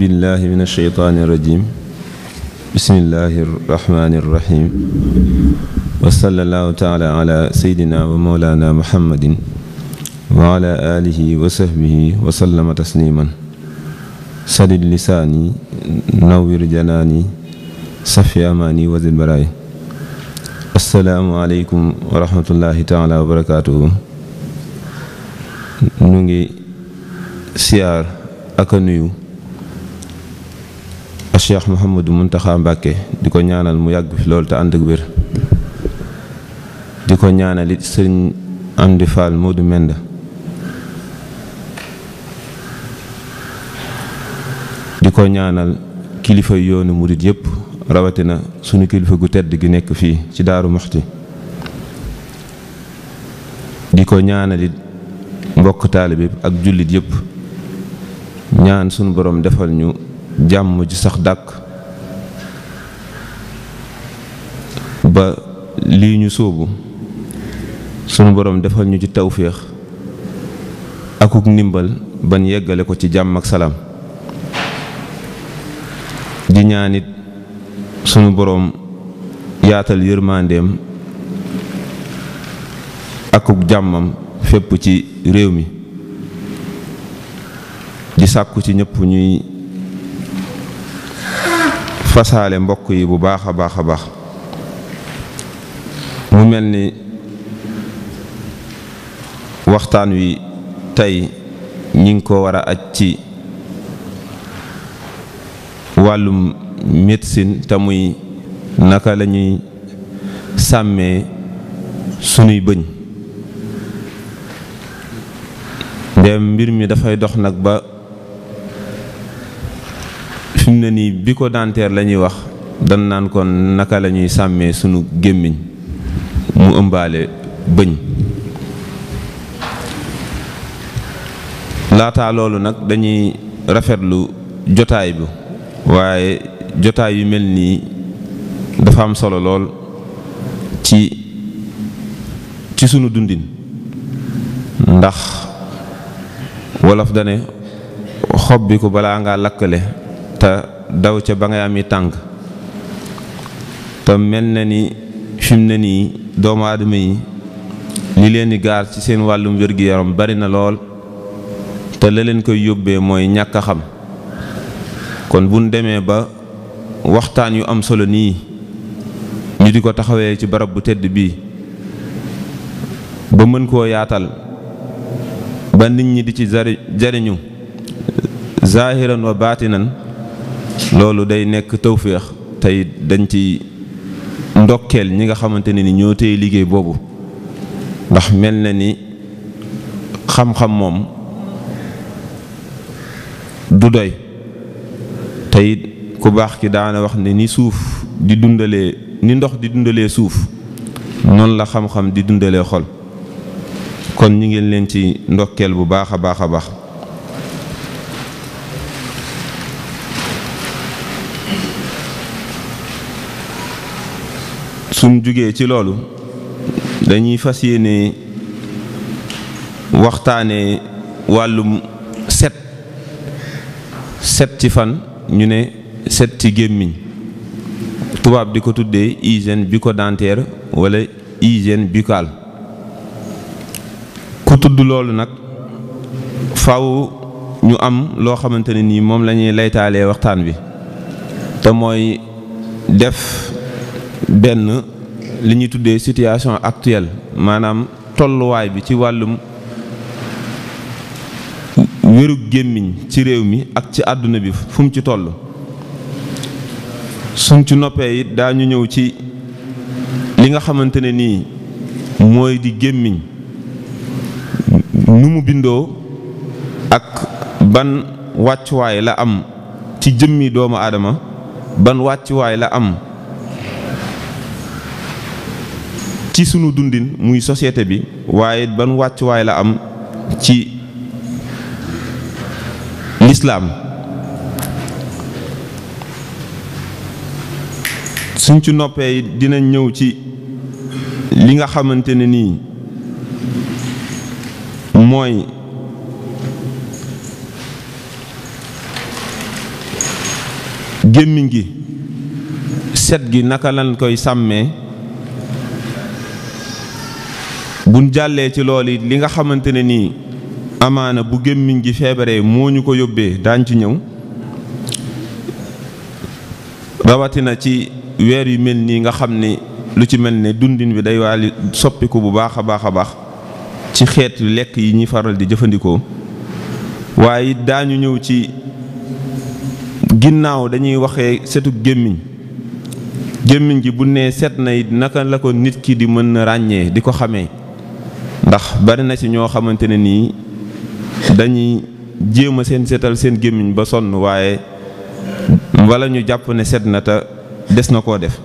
billahi min alsheytaani irrajim bismillahi irrahmani irrahim wa sallallahu taala ala seydina wa mawlana muhammadin wa ala alihi wa sahbihi wa sallama tasliman sadid lisaani nawwir janaani safi amaani wazid baraay assalaamu aleykum wa rahmatullahi taala wa barakaatuhu ñu ngi siyaar ak a nuyu Cheikh Mouhamadou Mountakha Mbacké di ko ñaanal mu yàgg fi loolu te ànd ak wér di ko ñaanal it sëriñ Amdi Fall Modou Menda di ko ñaanal kilifa yoonu murit yépp rawatina sunu kilifa gu tedd gi nekk fii ci Daaru Muxti di ko ñaanal it mbokk taalibe ak jullit yépp ñaan sunu boroom defal ñu jàmm ji sax dàkk ba lii ñu sóobu sunu boroom defal ñu ci tawféex akuk ndimbal ba yeggale ko ci jàmm ak salaam di ñaanit sunu boroom yaatal yërmandeem akuk jàmmam fépp ci réew mi di sàkku ci ñëpp ñuy fasaale mbokk yi bu baax a baax a baax mu mel ni waxtaan wi tey ñi ngi ko war a aj ci wàllum médecine te muy naka la ñuy sàmmee sunuy bëñ dem mbir mi dafay dox nag ba fi mu ne nii bi ko dentaire la ñuy wax dan naan kon naka lañuy sàmmee sunu gémmiñ mu ëmbaale bëñ laata loolu nag dañuy rafetlu jotaay bi waaye jotaay yu mel nii dafa am solo lool ci ci sunu dundin ndax wolof dane xob bi ko balaa ngaa lakkale te daw ca ba ngay ami tànk te mel na ni fi na ne nii doomu aadama yi li leen di gaar ci seen wàllum wér-gi-yaram bari na lool te la leen koy yóbbee mooy ñàkk a xam kon bu demee ba waxtaan yu am solo nii ñu di ko taxawee ci barab bu tedd bii ba mën koo yaatal ba nit ñi di ci jariñu zahiran wa baatinan loolu day nekk tawféex tey dañ ci ndokkeel ñi nga xamante ne ni ñoo téye liggéey boobu ndax mel na ni xam-xam moom du doy tey ku baax ki daana wax ne ni suuf di dundalee ni ndox di dundalee suuf noonu la xam-xam di dundalee xol kon ñi ngeen leen ci ndokkeel bu baax a baax a baax suñ jugee ci loolu dañuy fas yéene waxtaane wàllum set set ci fan ñu ne set ci gémmiñ tubaab di ko tuddee hygiène bucco-dentaire wala hygiène buccale ku tudd loolu nag faw ñu am loo xamante ne nii moom lañuy laytaalee waxtaan bi te mooy def benn li ñuy tuddee situation actuelle maanaam tolluwaay bi ci wàllum wérug gémmiñ ci réew mi ak ci àdduna bi fu mu ci toll suñ ci noppee it daañu ñëw ci li nga xamante ne nii mooy di gémmiñ nu mu bindoo ak ban wàccuwaay la am ci jëmmi doomu aadama ban wàccuwaay la am ci sunu dundin muy société bi waaye ban wàccuwaay la am ci lislaam suñ ci noppee dina ñëw ci li nga xamante ne nii mooy gémmiñ gi set gi naka lañ koy sàmmee bu jàllee ci lool it li nga xamante ne nii amaana bu gémmiñ gi feebaree moo ñu ko yóbbee daañ ci ñëw rawatina ci weer yu mel nii nga xam ni lu ci mel ni dundin bi day waali soppiku bu baax a baax a baax ci xeet lekk yi ñuy faral di jëfandikoo waaye daañu ñëw ci ginnaaw dañuy waxe setu gémmiñ gémmiñ gi bu nee set na it naka la ko nit ki di mën na ràññee di ko xamee ndax bari na ci ñoo xamante ne nii dañuy jéem a seen seetal seen gémmiñ ba sonn waaye wala ñu jàpp ne set na te des na koo def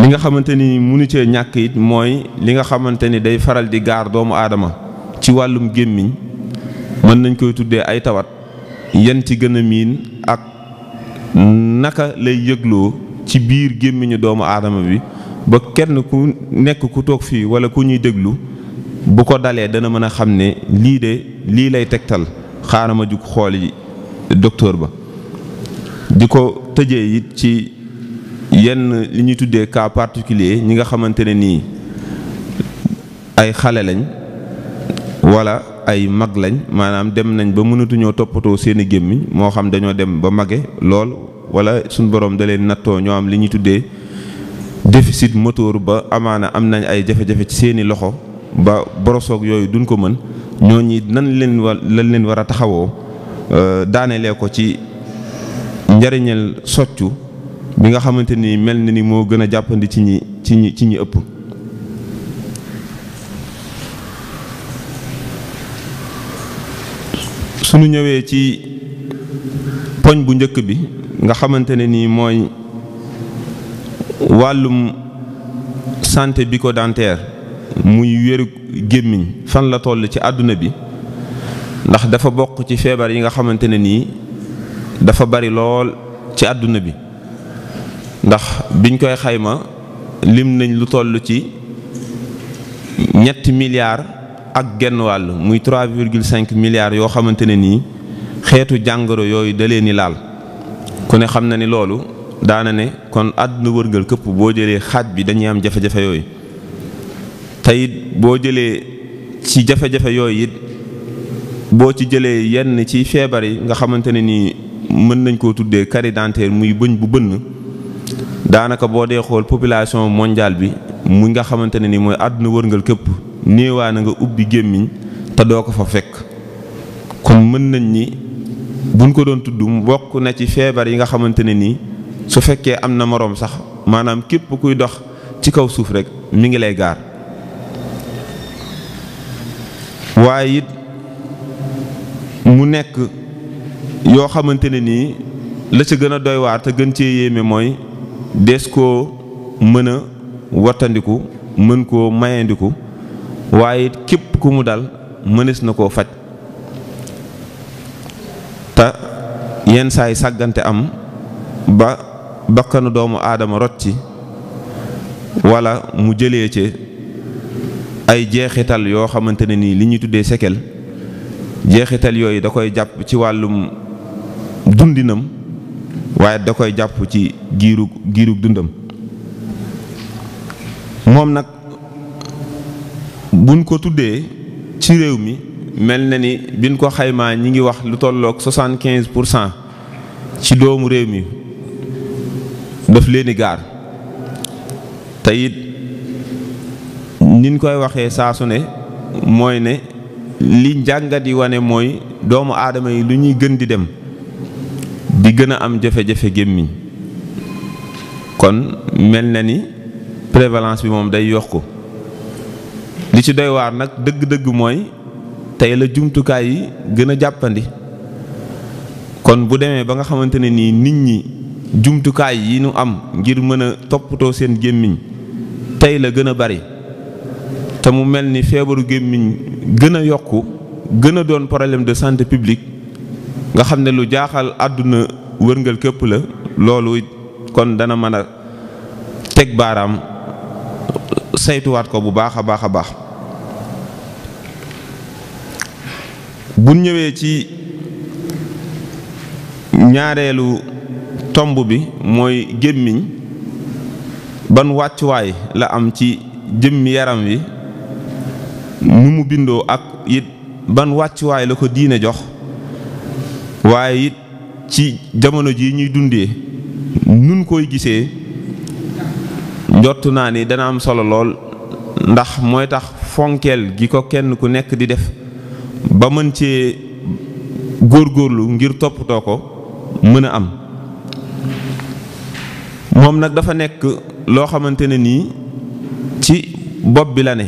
li nga xamante ni munu ci ñàkk it mooy li nga xamante ni day faral di gaar doomu aadama ci wàllum gémmiñ mën nañ koy tuddee ay tawat yan ci gën a miin ak naka lay yëgloo ci biir gémmiñu doomu aadama bi ba kenn ku nekk ku toog fii wala ku ñuy déglu bu ko dalee dana mën a xam ne lii de lii lay tegtal xaaral ma jug xool yi docteur ba di ko tëjee it ci yenn li ñuy tuddee kaa particulier ñi nga xamante ne nii ay xale lañ wala ay mag lañ maanaam dem nañ ba mënatuñoo toppatoo seen i gémmiñ moo xam dañoo dem ba mage lool wala suñ borom da leen nattoo ñoo am li ñuy tuddee déficit motoor ba amaana am nañ ay jafe-jafe ci seeni loxo ba borosoog yooyu duñ ko mën ñoo nan leen leen war a taxawoo euh, daanelee ko ci njariñel soccu bi nga xamante ni mel na ni moo gën a jàppandi ci ñi ci ci ñi ëpp suñu ñëwee ci poñ bu njëkk bi nga xamante ne nii mooy wàllum bi ko dentaire muy wéru gémmiñ fan la toll ci àdduna bi ndax dafa bokk ci feebar yi nga xamante ne nii dafa bari lool ci àdduna bi ndax biñ koy xayma lim nañ lu toll ci ñetti milliards ak genn wàll muy 3,5 milliards yoo xamante ne nii xeetu jàngoro yooyu da leen ni laal ku ne xam na ni loolu daana ne kon àdduna wërngal këpp boo jëlee xaaj bi dañuy am jafe-jafe yooyu tey boo jëlee ci jafe-jafe yooyu it boo ci jëlee yenn ci feebar yi nga xamante ne nii mën nañ koo tuddee carie muy bëñ bu bënn daanaka boo dee xool population mondiale bi mu nga xamante ne ni mooy àdduna wërngal képp néewaa nga ubbi gémmiñ te doo ko fa fekk kon mën nañ ni buñ ko doon tudd bokk na ci feebar yi nga xamante ne nii su fekkee am na moroom sax maanaam képp kuy dox ci kaw suuf rekk mu ngi lay gaar waaye it mu nekk yoo xamante ne nii la ca gën a doy waar te gën cee yéeme mooy des koo mën a wattandiku mën koo mayandiku waaye it képp ku mu dal mënees na koo faj te yenn saay sàggante am ba bakkanu doomu aadama rot ci mu jëlee ci ay jeexital yoo xamante ne nii li ñuy tuddee sekel jeexital yooyu da koy jàpp ci wàllum dundinam waaye da koy jàpp ci giirug giirug dundam moom nag buñ ko tuddee ci réew mi mel na ni biñ ko xaymaa ñi ngi wax lu tollook soixante-quinze pour cent ci doomu réew mi daf leen i gaar te niñ koy waxee saa ne mooy ne li njàngat yi wane mooy doomu aadama yi lu ñuy gën di dem di gën a am jafe-jafe gémmiñ kon mel na ni prévalence bi moom day yox ko li ci doy waar nag dëgg-dëgg mooy tey la jumtukaay yi gën a jàppandi kon bu demee ba nga xamante ne nii nit ñi jumtukaay yi nu am ngir mën a toppatoo seen gémmiñ tey la gën a bari te mu mel ni feebaru gémmiñ gën a yokku gën a doon problème de santé publique nga xam ne lu jaaxal àdduna wërngal képp la loolu kon dana mën a teg baaraam saytuwaat ko bu baax a baax a baax bu ñëwee ci ñaareelu tomb bi mooy gémmiñ ban wàccuwaay la am ci jëmmi yaram wi nu mu bindoo ak it ban wàccuwaay la ko diine jox waaye it ci jamono ji ñuy dundee nun koy gisee njott naa ni dana am solo lool ndax mooy tax fonkeel gi ko kenn ku nekk di def ba mën cee góorgóorlu ngir toppatoo ko mën a am moom nag dafa nekk loo xamante ne nii ci bopp bi la ne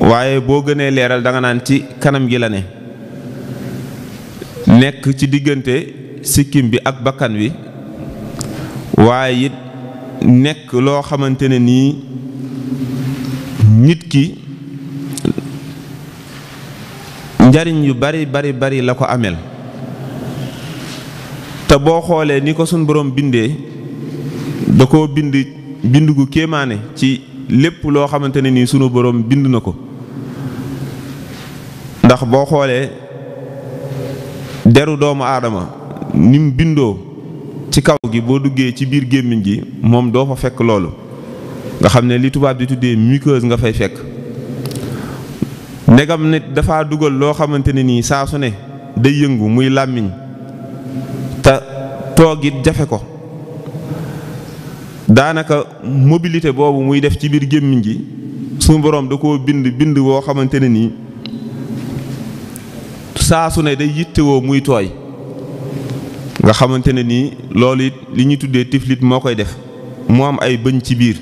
waaye boo gënee leeral danga naan ci kanam gi la ne nekk ci diggante sikkim bi ak bakkan wi waaye it nekk loo xamante ne nii nit ki njariñ yu bari bari bari la ko amel te boo xoolee ni ko suñu boroom bindee da ko bind bind gu kéemaane ci lépp loo xamante ne nii sunu boroom bind na ko ndax boo xoolee deru doomu aadama ni bindoo ci kaw gi boo duggee ci biir gémmiñ gi moom doo fa fekk loolu nga xam ne li tubaab di tuddee muqueuse nga fay fekk ndegam nit dafa dugal loo xamante ne nii saa su ne day yëngu muy làmmiñ te toog jafe ko daanaka mobilité boobu muy def ci biir gémmiñ gi suñu boroom da koo bind bind woo xamante ne nii saa su ne day yittewoo muy tooy nga xamante ne nii loolu it li ñuy tuddee tiflit moo koy def mu am ay bëñ ci biir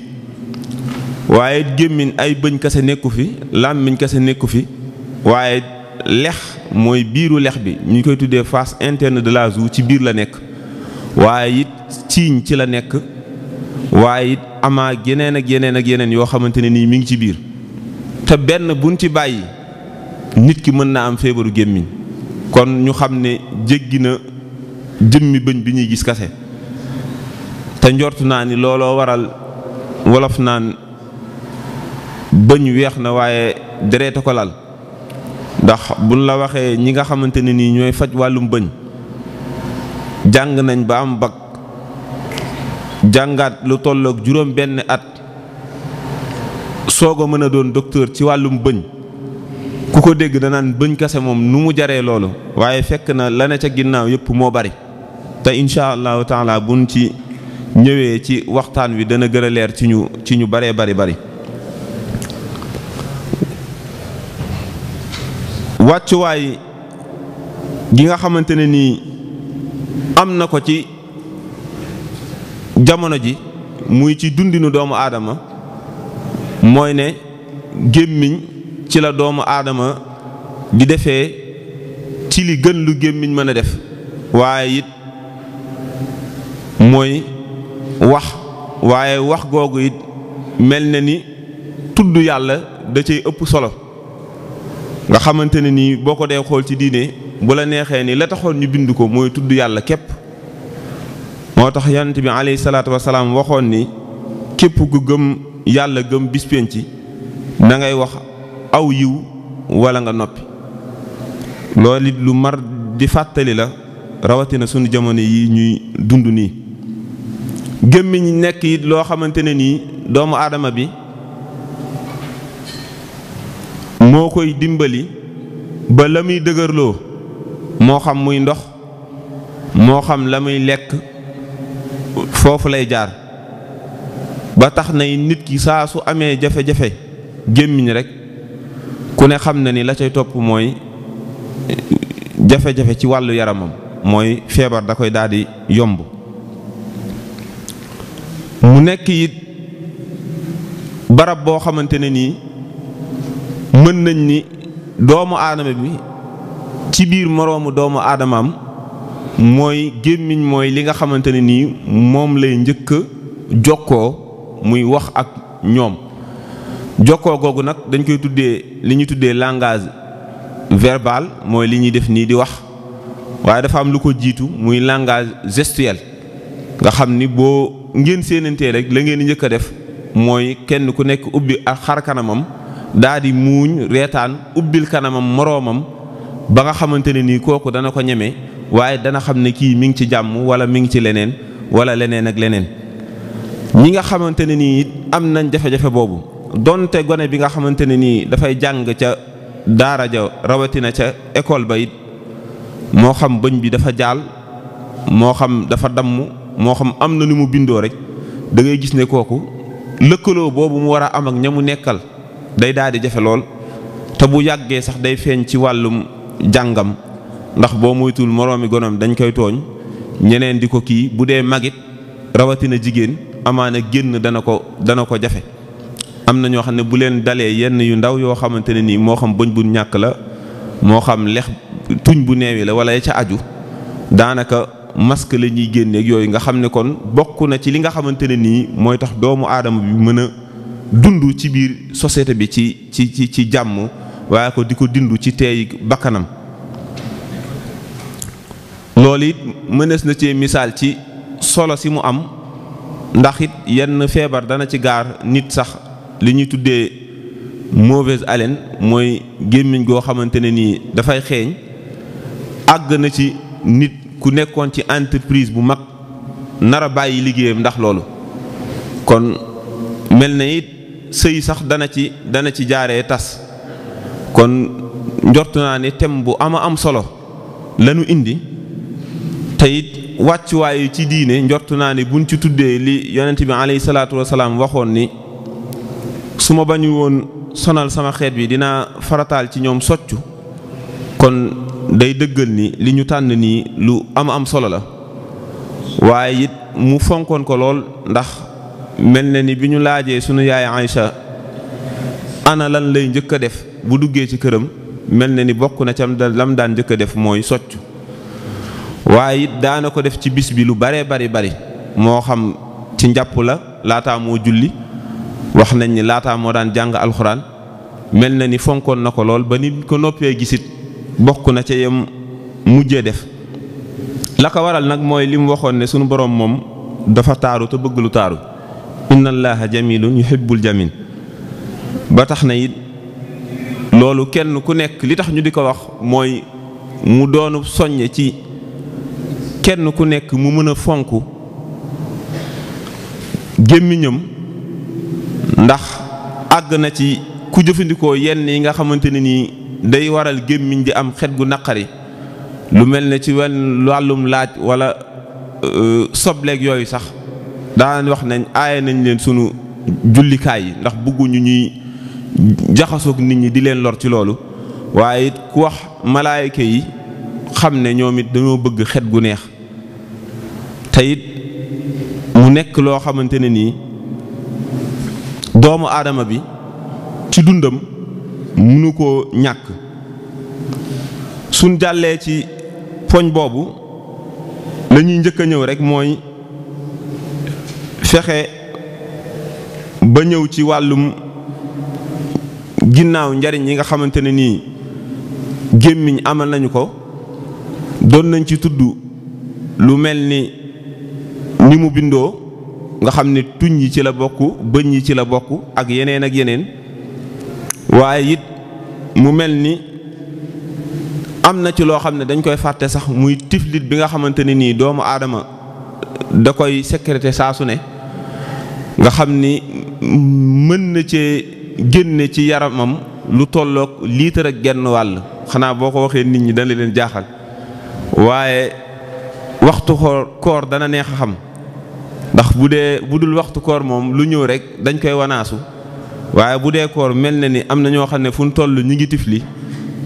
waaye gémmiñ ay bëñ kese nekku fi làmmiñ kese nekku fi waaye lex mooy biiru lex bi ñu koy tuddee face interne de la joue ci biir la nekk waaye it ciiñ ci la nekk waaye it amaa yeneen ak yeneen ak yoo xamante ne nii mu ngi ci biir te benn buñ ci bàyyi nit ki mën naa am feebaru gémmiñ kon ñu xam ne jéggi na jëmmi bëñ bi ñuy gis kase te njortu naa ni looloo waral wolof naan bëñ weex na waaye dereet a ko lal ndax buñ la waxee ñi nga xamante ne nii ñooy faj wàllum bëñ jàng nañ ba am bag jàngaat lu tolloog juróom benn at soo ko mën a doon docteur ci wàllum bëñ ku ko dégg danaan bëñ kase moom nu mu jaree loolu waaye fekk na la ne ca ginnaaw yëpp moo bari te incha allahu taala buñ ci ñëwee ci waxtaan wi dana gën a leer ci ñu ci ñu baree bari bari wàccuwaay gi nga xamante ne nii am na ko ci jamono ji muy ci dundinu doomu aadama mooy ne gémmiñ ci la doomu aadama di defee ci li gën lu gémmiñ mën a def waaye it mooy wax waaye wax googu it mel na ni tudd yàlla da cay ëpp solo nga xamante ne nii boo ko dee xool ci diine bu la neexee ni la taxoon ñu bind ko mooy tudd yàlla képp moo tax yonent bi alayhi salaatu wasalaam waxoon ni képp ku gëm yàlla gëm bis pénc ci wax aw yiw wala nga noppi loolu it lu mar di fàttali la rawatina sunu jamono yi ñuy dund nii gémmiñ nekk it loo xamante ne nii doomu aadama bi moo koy dimbali ba la muy dëgërloo moo xam muy ndox moo xam la muy lekk foofu lay jaar ba tax nay nit ki saa su amee jafe-jafe gémmiñ rekk ku ne xam na ni la cay topp mooy jafe-jafe ci wàllu yaramam mooy feebar da koy daal yomb mu nekk it barab boo xamante ne nii mën nañ ni doomu aadama bi ci biir moroomu doomu aadamaam mooy gémmiñ mooy li nga xamante ne nii moom lay njëkk a jokkoo muy wax ak ñoom jokkoo googu nag dañ koy tuddee li ñuy tuddee langage verbal mooy li ñuy def nii di wax waaye dafa am lu ko jiitu muy langage gestuel nga xam ni boo ngeen séenantee rek la ngeen di njëkk a def mooy kenn ku nekk ubbi ak xar kanamam daa di muuñ reetaan ubbil kanamam moroomam ba nga xamante ne nii kooku dana ko ñeme waaye dana xam ne kii mi ngi ci jàmm wala mi ngi ci leneen wala leneen ak leneen ñi nga xamante ne nii am nañ jafe-jafe boobu donte gone bi nga xamante ne nii dafay jàng ca daara ja rawatina ca école ba it moo xam bëñ bi dafa jaal moo xam dafa damm moo xam am na lu mu bindoo rek da ngay gis ne kooku lëkkaloo boobu mu war a am ak ña mu nekkal day daal di jafe lool te bu yàggee sax day feeñ ci wàllum jàngam ndax boo muytul moroomi gonom dañ koy tooñ ñeneen di ko kii bu dee magit rawatina jigéen amaana génn dana ko dana ko jafe am na ñoo xam ne bu leen dalee yenn yu ndaw yoo xamante ne nii moo xam bëñ bu ñàkk la moo xam lex tuñ bu neewi la wala ya ca aju daanaka masque la ñuy génneeg yooyu nga xam ne kon bokk na ci li nga xamante ne nii mooy tax doomu aadama bi mën a dund ci biir société bi ci ci ci ci jàmm waaye ko di ko dindu ci teey bakkanam loolu it mënees na cee misaal ci solo si mu am ndax it yenn feebar dana ci gaar nit sax li ñuy tuddee mauvaise haleine mooy gémmiñ goo xamante ne nii dafay xeeñ àgg na ci nit ku nekkoon ci entreprise bu mag nar a bàyyi liggéeyam ndax loolu kon mel na it sëy sax dana ci dana ci jaaree tas kon njort naa ne thème bu am a am solo lanu indi te it wàccuwaayu ci diine njort naa ni buñ ci tuddee li yonent bi alayhi salaatu wasalaam waxoon ni su ma bañu woon sonal sama xeet bi dinaa farataal ci ñoom soccu kon day dëggal ni li ñu tànn nii lu am am solo la waaye it mu fonkoon ko lool ndax mel na ni bi ñu laajee sunu yaay Aïcha ana lan lay njëkk a def bu duggee ci këram mel na ni bokk na cam lam daan njëkk def mooy soccu waaye it daana ko def ci bis bi lu baree bari bari moo xam ci njàpp la laataa moo julli wax nañ ni laataa moo daan jàng alxuraan mel na ni fonkoon na ko lool ba nit ko noppee gisit bokk na ca yem mujje def la ko waral nag mooy li waxoon ne sunu boroom moom dafa taaru te bëgg lu taaru inna allaha jamilun yuhibbul jamil ba tax na it loolu kenn ku nekk li tax ñu di ko wax mooy mu doonu soññe ci kenn ku nekk mu mën a fonk gémmiñam ndax àgg na ci ku jëfandikoo yenn yi nga xamante ne nii day waral gémmiñ di am xet gu naqari lu mel ne ci wenn wàllum laaj wala euh, sobleeg yooyu sax daan wax nañ aaye nañ leen sunu jullikaay yi ndax bëgguñu ñuy jaxasoog nit ñi di leen lor ci loolu waaye it ku wax malaayika yi xam ne ñoom it dañoo bëgg xet gu neex teyit mu nekk loo xamante ne nii doomu aadama bi ci dundam mënu ko ñàkk suñ jàllee ci poñ boobu lañuy njëkk a ñëw rekk mooy fexe ba ñëw ci wàllum ginnaaw njariñ yi nga xamante ne nii gémmiñ amal nañu ko doon nañ ci tudd lu mel ni ni mu bindoo nga xam ne tuñ yi ci la bokk bëñ yi ci la bokk ak yeneen ak yeneen waaye it mu mel ni am na ci loo xam ne dañ koy fàtte sax muy tiflit bi nga xamante ne nii doomu aadama da koy sécrété saa su ne nga xam ni mën na cee génne ci yaramam lu tolloog liitar ak genn wàll xanaa boo ko waxee nit ñi dana leen jaaxal waaye waxtu koor dana neex a xam ndax bu dee bu dul waxtu koor moom lu ñëw rek dañ koy wanaasu waaye bu dee koor mel na ni am na ñoo xam ne fu ñu toll ñu ngi tifli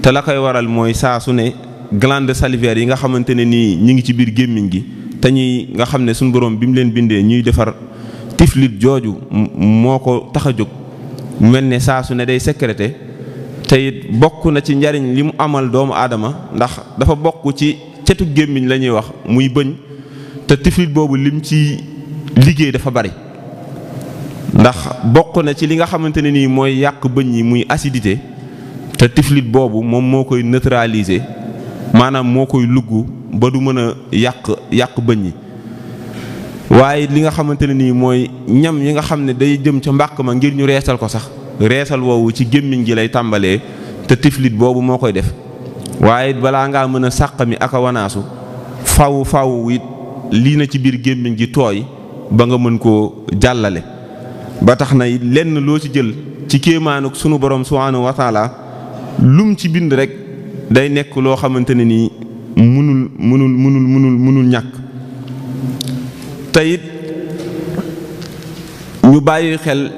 te la koy waral mooy saa su ne glande salivaire yi nga xamante ne nii ñu ngi ci biir gémmiñ gi te ñuy nga xam ne suñu borom bi mu leen bindee ñuy defar tiflit jooju moo ko tax a jóg mel ne saa su ne day sécrété te it bokk na ci njariñ li mu amal doomu aadama ndax dafa bokk ci cetu gémmiñ la ñuy wax muy bëñ te tiflit liggéey dafa bari ndax bokk na ci li nga xamante ne nii mooy yàq bëñ yi muy acidité te tiflit boobu moom moo koy neutraliser maanaam moo koy lugg ba du mën a yàq yàq bëñ yi waaye li nga xamante ne nii mooy ñam yi nga xam ne day jëm ca mbaq ma ngir ñu reesal ko sax reesal woowu ci gémmiñ gi lay tàmbalee te tiflit boobu moo koy def waaye balaa ngaa mën a sàq mi ak wanaasu faw faw it lii na ci biir gémmiñ gi tooy ba nga mën koo jàllale ba tax na lenn loo ci jël ci kéemaanuk sunu borom subhaanahu wa taala lum ci bind rek day nekk loo xamante ne nii munul munul mënul munul munul ñàkk teyit ñu bàyyi xel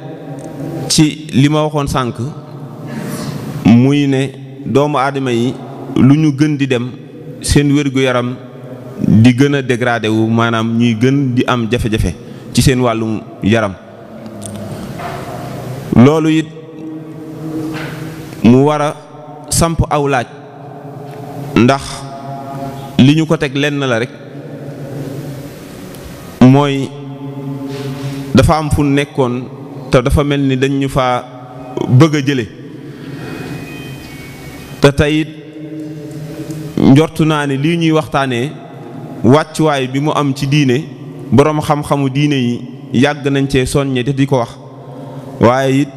ci li ma waxoon sànq muy ne doomu aadama yi lu ñu gën di dem seen wér-gu-yaram di gën a dégradé maanaam ñuy gën di am jafe-jafe ci seen wàllum yaram loolu it mu war a samp aw laaj ndax li ñu ko teg lenn la rek mooy dafa am fu nekkoon te dafa mel ni dañ ñu faa bëgg a jële te tey it njortu naa ne lii ñuy waxtaanee wàccuwaay bi mu am ci diine boroom xam-xamu diine yi yàgg nañ cee soññe te di ko wax waaye it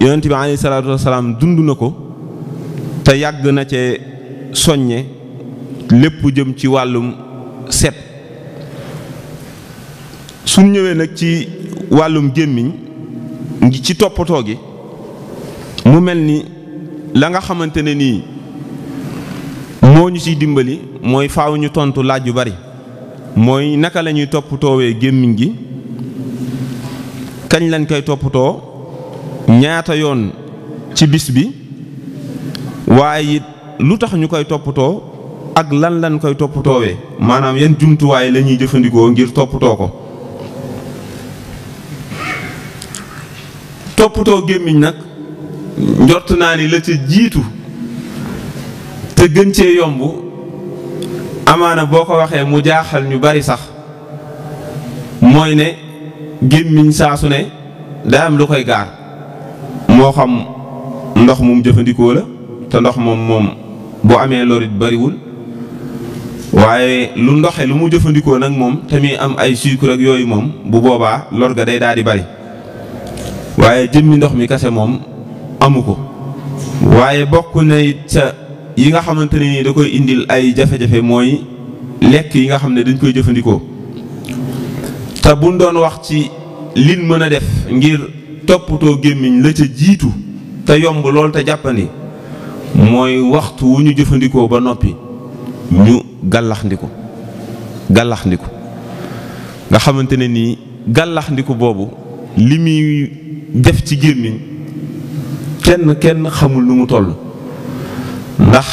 yonent bi alayhi salaatu wasalaam dund na ko te yàgg na cee soññe lépp jëm ci wàllum set su ñëwee nag ci wàllum gémmiñ ci toppatoo gi mu mel ni la nga xamante ne nii moo ñu ciy dimbali mooy faaw ñu tontu laaj yu bari mooy naka lañuy ñuy toppatoowee gémmiñ gi kañ lañ koy toppatoo ñaata yoon ci bis bi waaye it lu tax ñu koy toppatoo ak lan lañ koy toppatoowee maanaam yenn jumtuwaay la ñuy jëfandikoo ngir toppatoo ko toppatoo gémmiñ nag njort naa ni la ca jiitu te gën cee yomb amaana boo ko waxee mu jaaxal ñu bari sax mooy ne gémmiñ saa su ne daa am lu koy gaar moo xam ndox mu jëfandikoo la te ndox moom moom boo amee lorit bariwul waaye lu ndoxe lu mu jëfandikoo nag moom te muy am ay sucre ak yooyu moom bu boobaa lor ga day daal di bari waaye jëmmi ndox mi kase moom amu ko waaye bokk na it sa yi nga xamante ne nii da koy indil ay jafe-jafe mooy lekk yi nga xam ne dañ koy jëfandikoo te buñ doon wax ci liñ mën a def ngir toppatoo gémmiñ la ca jiitu te yomb lool te jàppandi mooy waxtu wu ñu jëfandikoo ba noppi ñu gàllaxndiku gàllaxndiku nga xamante ne nii gàllaxndiku boobu li muy def ci gémmiñ kenn kenn xamul nu mu toll ndax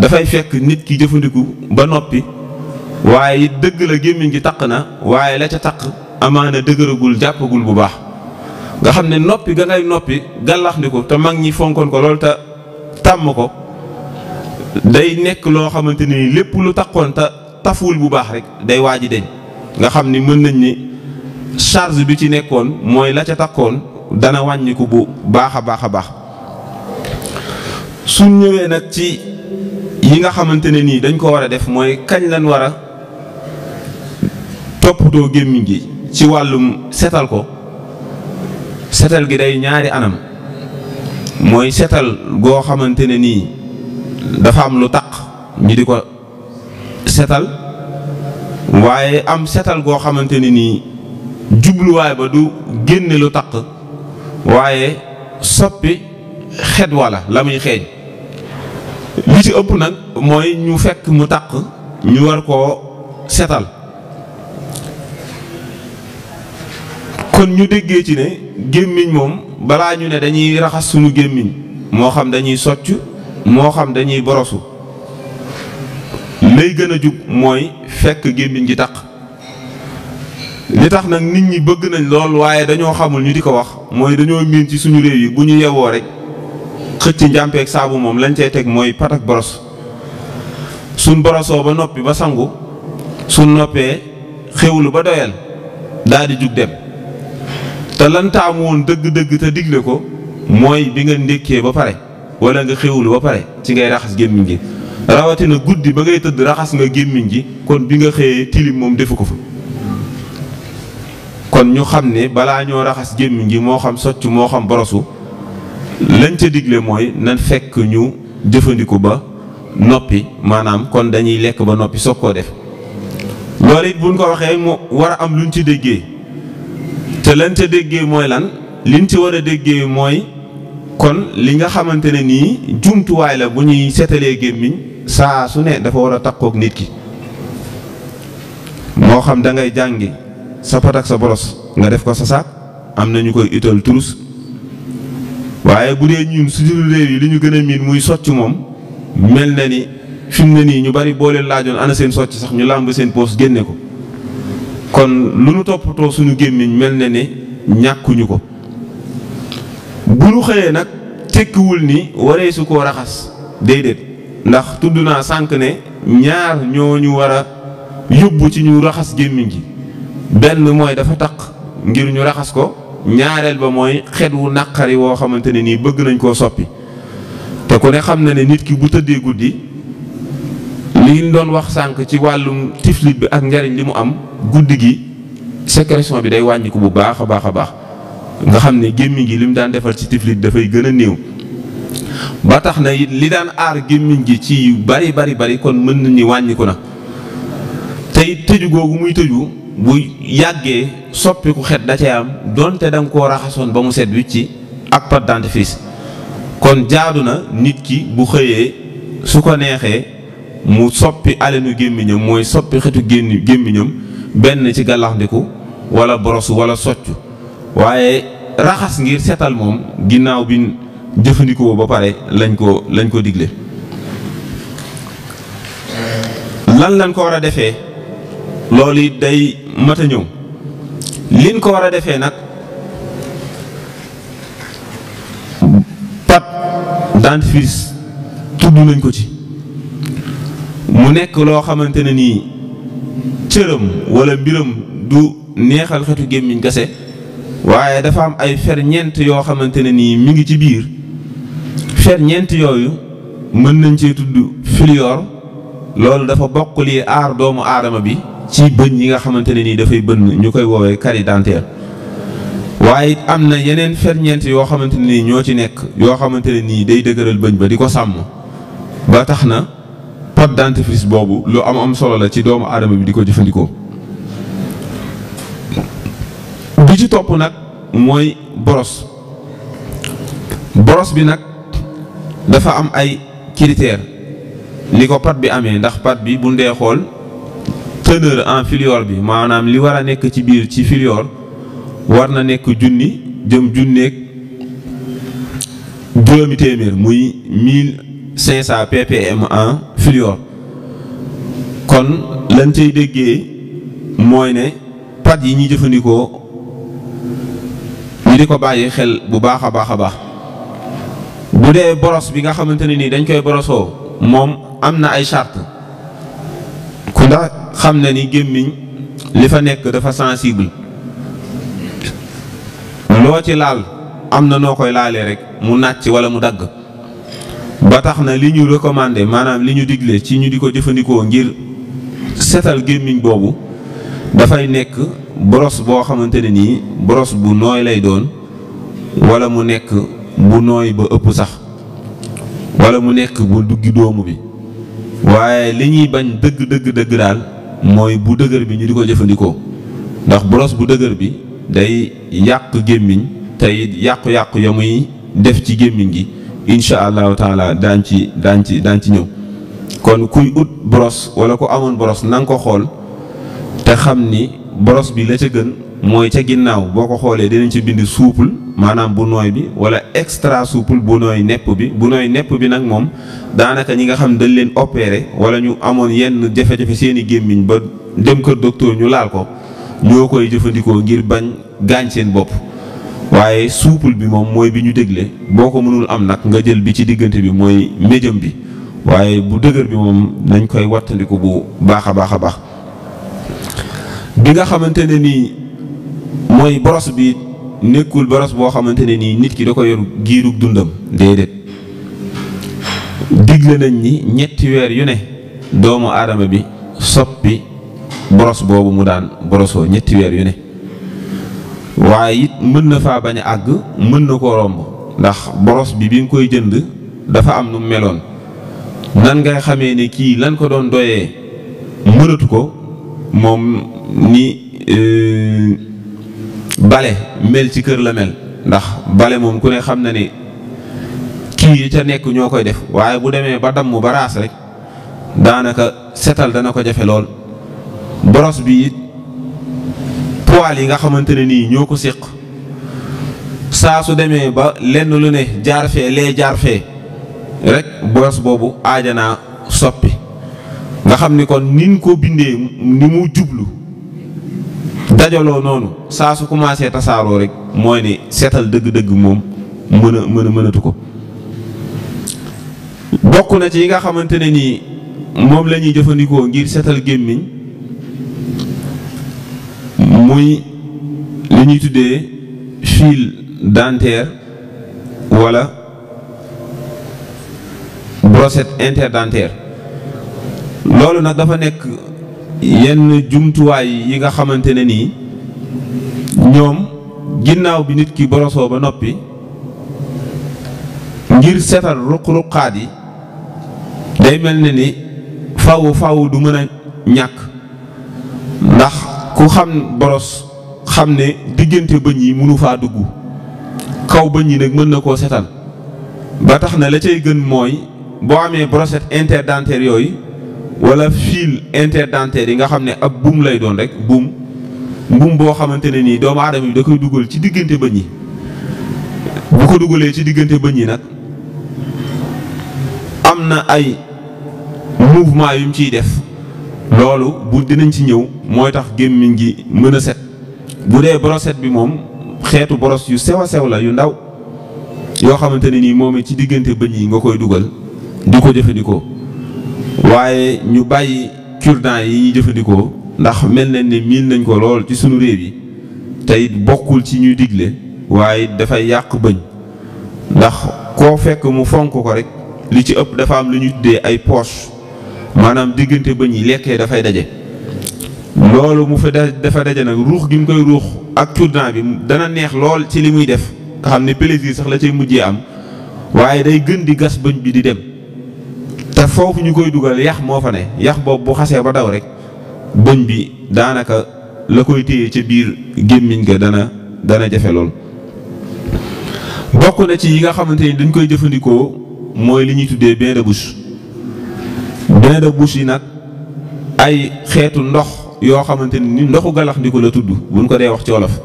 dafay fekk nit ki jëfandiku ba noppi waaye it dëgg la gémmiñ gi taq na waaye la ca taq amaana dëgëragul jàppagul bu baax nga xam ne noppi ga ngay noppi gàllax ndiku te mag ñi fonkoon ko loolu te tàmm ko day nekk loo xamante ni lépp lu taqoon te tafuwul bu baax rek day waa ji deñ nga xam ni mën nañ ni charge bi ci nekkoon mooy la ca takkoon dana wàññiku bu baax a baax a baax su ñëwee nag ci yi nga xamante ne nii dañ ko war a def mooy kañ lañ war a toppatoo gémmiñ gi ci wàllum setal ko setal gi day ñaari anam mooy setal goo xamante ne nii dafa am lu taq ñi di ko setal waaye am setal goo xamante ne nii jubluwaay ba du génne lu taq waaye soppi xet wala la muy xeeñ li ci ëpp nag mooy ñu fekk mu taq ñu war koo setal kon ñu déggee ci ne gémmiñ moom balaa ñu ne dañuy raxas suñu gémmiñ moo xam dañuy socc moo xam dañuy borosu lay gën a jub mooy fekk gémmiñ gi taq li tax nag nit ñi bëgg nañ lool waaye dañoo xamul ñu di ko wax mooy dañoo miin ci suñu réew yi bu ñu yewoo rek xëcc njàmpeeg saabu moom lañ cey teg mooy pat boros suñ borosoo ba noppi ba sangu suñ noppee xewlu ba doyal daal di jug dem te lan taamu woon dëgg-dëgg te digle ko mooy bi nga ndékkee ba pare wala nga xewlu ba pare ci ngay raxas gémmiñ gi rawatina guddi ba ngay tëdd raxas nga gémmiñ gi kon bi nga xëyee tilim moom defu ko fa kon ñu xam ne balaa ñoo raxas gémmiñ gi moo xam socc moo xam borosu lañ ca digle mooy na fekk ñu jëfandiku ba noppi maanaam kon dañuy lekk ba noppi soog koo def loolu it buñ ko waxee mu war a am luñ ci déggee te lañ ca déggee mooy lan liñ ci war a déggee mooy kon li nga xamante ne nii jumtuwaay la bu ñuy setalee gémmiñ saa su ne dafa war a takkook nit ki moo xam dangay ngay jàngi sa patak sa boros nga def ko sa saak am na ñu koy utal turus waaye bu dee ñun suñu réew yi li ñu gën a miin muy socc moom mel na ni fi mu ne nii ñu bari boo leen laajoon ana seen socc sax ñu làmb seen poos génne ko kon lu ñu toppatoo suñu gémmiñ mel na ni ñàkkuñu ko bu nu xëyee nag tekkiwul ni waree su koo raxas déedéet ndax tudd naa sànq ne ñaar ñoo ñu war a yóbbu ci ñu raxas gémmiñ gi benn mooy dafa taq ngir ñu raxas ko ñaareel ba mooy xet wu naqari woo xamante ne nii bëgg nañ koo soppi te ku ne xam na ne nit ki bu tëddee guddi li ñu doon wax sànq ci wàllum tiflit bi ak njariñ li mu am guddi gi sécrétion bi day wàññiku bu baax a baax a baax nga xam ne gémmiñ gi li mu daan defal ci tiflit dafay gën a néew ba tax na it li daan aar gémmiñ gi ci yu bari bari bari kon mën nañu wàññiku na tey tëju googu muy tëju bu yàggee soppiku xet da cee am donte danga ko raxasoon ba mu set wicci ak pâte dentifrice kon jaadu na nit ki bu xëyee su ko neexee mu soppi alenu gémmiñam mooy soppi xetu génn gémmiñam benn ci gàllaxndiku wala borosu walla soccu waaye raxas ngir setal moom ginnaaw bi jëfandikoo ba pare lañ ko lañ ko digle lan lañ ko war a defee loolu it day mat a ñëw liñ ko war a defee nag pat dentifrice tudd nañ ko ci mu nekk loo xamante ne nii cëram wala biram du neexal xetu gémmiñ kese waaye dafa am ay ferñeent yoo xamante ne nii mu ngi ci biir ferñeent yooyu mën nañ cee tudd filior loolu dafa bokk lii aar doomu aadama bi ci bëñ yi nga xamante ne nii dafay bënn ñu koy woowee carie dentaire waaye am na yeneen ferñeent yoo xamante ne nii ñoo ci nekk yoo xamante ne nii day dëgëral bëñ ba di ko sàmm ba tax na pâte dentifrice boobu lu am am solo la ci doomu aadama bi di ko jëfandikoo bu ci topp nag mooy boros boros bi nag dafa am ay critères ni ko pat bi amee ndax pat bi bu ndee xool teneur en fluor bi maanaam li war a nekk ci biir ci fluor war na nekk junni jëm junneeg juróomi téeméer muy 1500 ppm en fluor kon lañ ciy déggee mooy ne pat yi ñuy jëfandikoo ñu di ko bàyyi xel bu baax a baax a baax bu dee boros bi nga xamante ne nii dañ koy borosoo moom am na ay charte ndax xam na ni gémmiñ li fa nekk dafa sensible loo ci laal am na noo koy laalee rek mu nàcc wala mu dagg ba tax na li ñu recommandé maanaam li ñu digle ci ñu di ko jëfandikoo ngir setal gémmiñ boobu dafay nekk boros boo xamante ne nii boros bu nooy lay doon wala mu nekk bu nooy ba ëpp sax wala mu nekk bu duggi doomu bi waaye li ñuy bañ dëgg dëgg dëgg daal mooy bu dëgër bi ñu di ko jëfandikoo ndax boros bu dëgër bi day yàq gémmiñ tey yàqu-yàqu ya muy def ci gémmiñ gi incha allahu taala daan ci daan ci daan ci ñëw kon kuy ut boros wala ku amoon boros na nga ko xool te xam ni boros bi la ca gën mooy ca ginnaaw boo ko xoolee dinañ ci bind suupul maanaam bu nooy bi wala extra souple bu nooy nepp bi bu nooy nepp bi nag moom daanaka ñi nga xam dañ leen opéré wala ñu amoon yenn jafe-jafe seeni gémmiñ ba dem kër docteur ñu laal ko ñoo koy jëfandikoo ngir bañ gaañ seen bopp waaye souple bi moom mooy bi ñu dégle boo ko mënul am nag nga jël bi ci diggante bi mooy méjëm bi waaye bu dëgër bi moom nañ koy wattandiku bu baax a baax a baax bi nga xamante ne nii mooy boros bi nekkul boros boo xamante ne nii nit ki da ko yor giirug dundam déedéet digle nañ ni ñetti weer yu ne doomu aadama bi soppi boros boobu mu daan borosoo ñetti weer yu ne waaye it mën na faa bañ a àgg mën na ko romb ndax boros bi bi nga koy jënd dafa am nu meloon nan ngay xamee ne kii lan ko doon doyee mënatu ko moom ni euh, bale mel ci kër la mel ndax bale moom ku ne xam na ni kii yi ca nekk ñoo koy def waaye bu demee ba damm ba raas rek daanaka setal dana ko jafe lool boros bi it poil yi nga xamante ne nii ñoo ko séq saa su demee ba lenn lu ne jaar fee lee jaar fee rek boros boobu aajanaa soppi nga xam ni kon nin ko bindee ni mu jublu dajaloo noonu saa su commencé tasaaroo rek mooy ni seetal dëgg-dëgg moom mën mën a mënatu ko bokk na ci yi nga xamante ne nii moom la ñuy jëfandikoo ngir seetal gémmiñ muy li ñuy tuddee fil dentaire wala brossette interdentaire loolu nag dafa nekk yenn jumtuwaay yi nga xamante ne nii ñoom ginnaaw bi nit ki borosoo ba noppi ngir setal ruq-ruqaat yi day mel na ni fawu fawu du mën a ñàkk ndax ku xam boros xam ne diggante bëñ yi mënu faa dugg kaw bëñ yi nag mën na koo setal ba tax na la cay gën mooy boo amee brochette interdentaire yooyu wala fil interdentaire yi nga xam ne ab buum lay doon rek buum mbuum boo xamante ne nii doomu aadama bi da koy dugal ci diggante bëñ yi bu ko dugalee ci diggante bëñ yi nag am na ay mouvement yu ciy def loolu bu dinañ ci ñëw mooy tax gémmiñ gi mën a set bu dee brochette bi moom xeetu boros yu sew a sew la yu ndaw yoo xamante ne nii moom ci diggante bëñ yi nga koy dugal di ko jëfandikoo waaye ñu bàyyi cure yi jëfandikoo ndax mel na ni miin nañ ko lool ci sunu réew yi tey bokkul ci ñuy digle waaye dafay yàq bëñ ndax koo fekk mu fonk ko rek li ci ëpp dafa am lu ñu tuddee ay poche maanaam diggante bëñ yi lekkee dafay daje loolu mu fa dafa daje nag ruux gi mu koy ruux ak cure-dent bi dana neex lool ci li muy def nga xam ne plaisir sax la cay mujjee am waaye day gën di gas bëñ bi di dem te foofu ñu koy dugal yax moo fa ne yax boobu bu xasee ba daw rek bëñ bi daanaka la koy téye ca biir gémmiñ ga dana dana jafe lool. bokk na ci yi nga xamante ni dañ koy jëfandikoo mooy li ñuy tuddee bain de bouche bain yi nag ay xeetu ndox yoo xamante ni ndoxu galax ndiko la tudd buñ ko dee wax ci wolof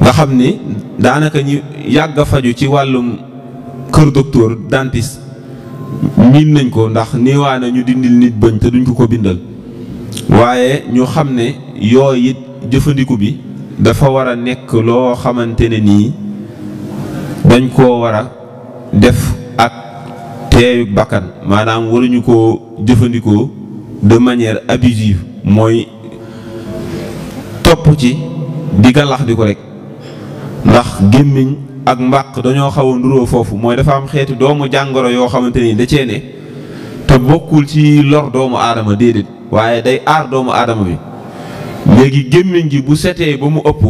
nga xam ni daanaka ñi yàgg faju ci wàllum kër docteur dentiste miin nañ ko ndax niwaa na ñu dindil nit bëñ te duñ ko ko bindal waaye ñu xam ne yooy it jëfandiku bi dafa war a nekk loo xamante ne nii dañ koo war a def ak teeyu bakkan maanaam waruñu koo jëfandikoo de manière abusive mooy topp ci di gàllax rekk ndax gémmiñ ak mbàq dañoo xaw a foofu mooy dafa am xeeti doomu jàngoro yoo xamante ni da cee ne te bokkul ci lor doomu aadama déedéet waaye day aar doomu aadama bi léegi gémmiñ gi bu setee ba mu ëpp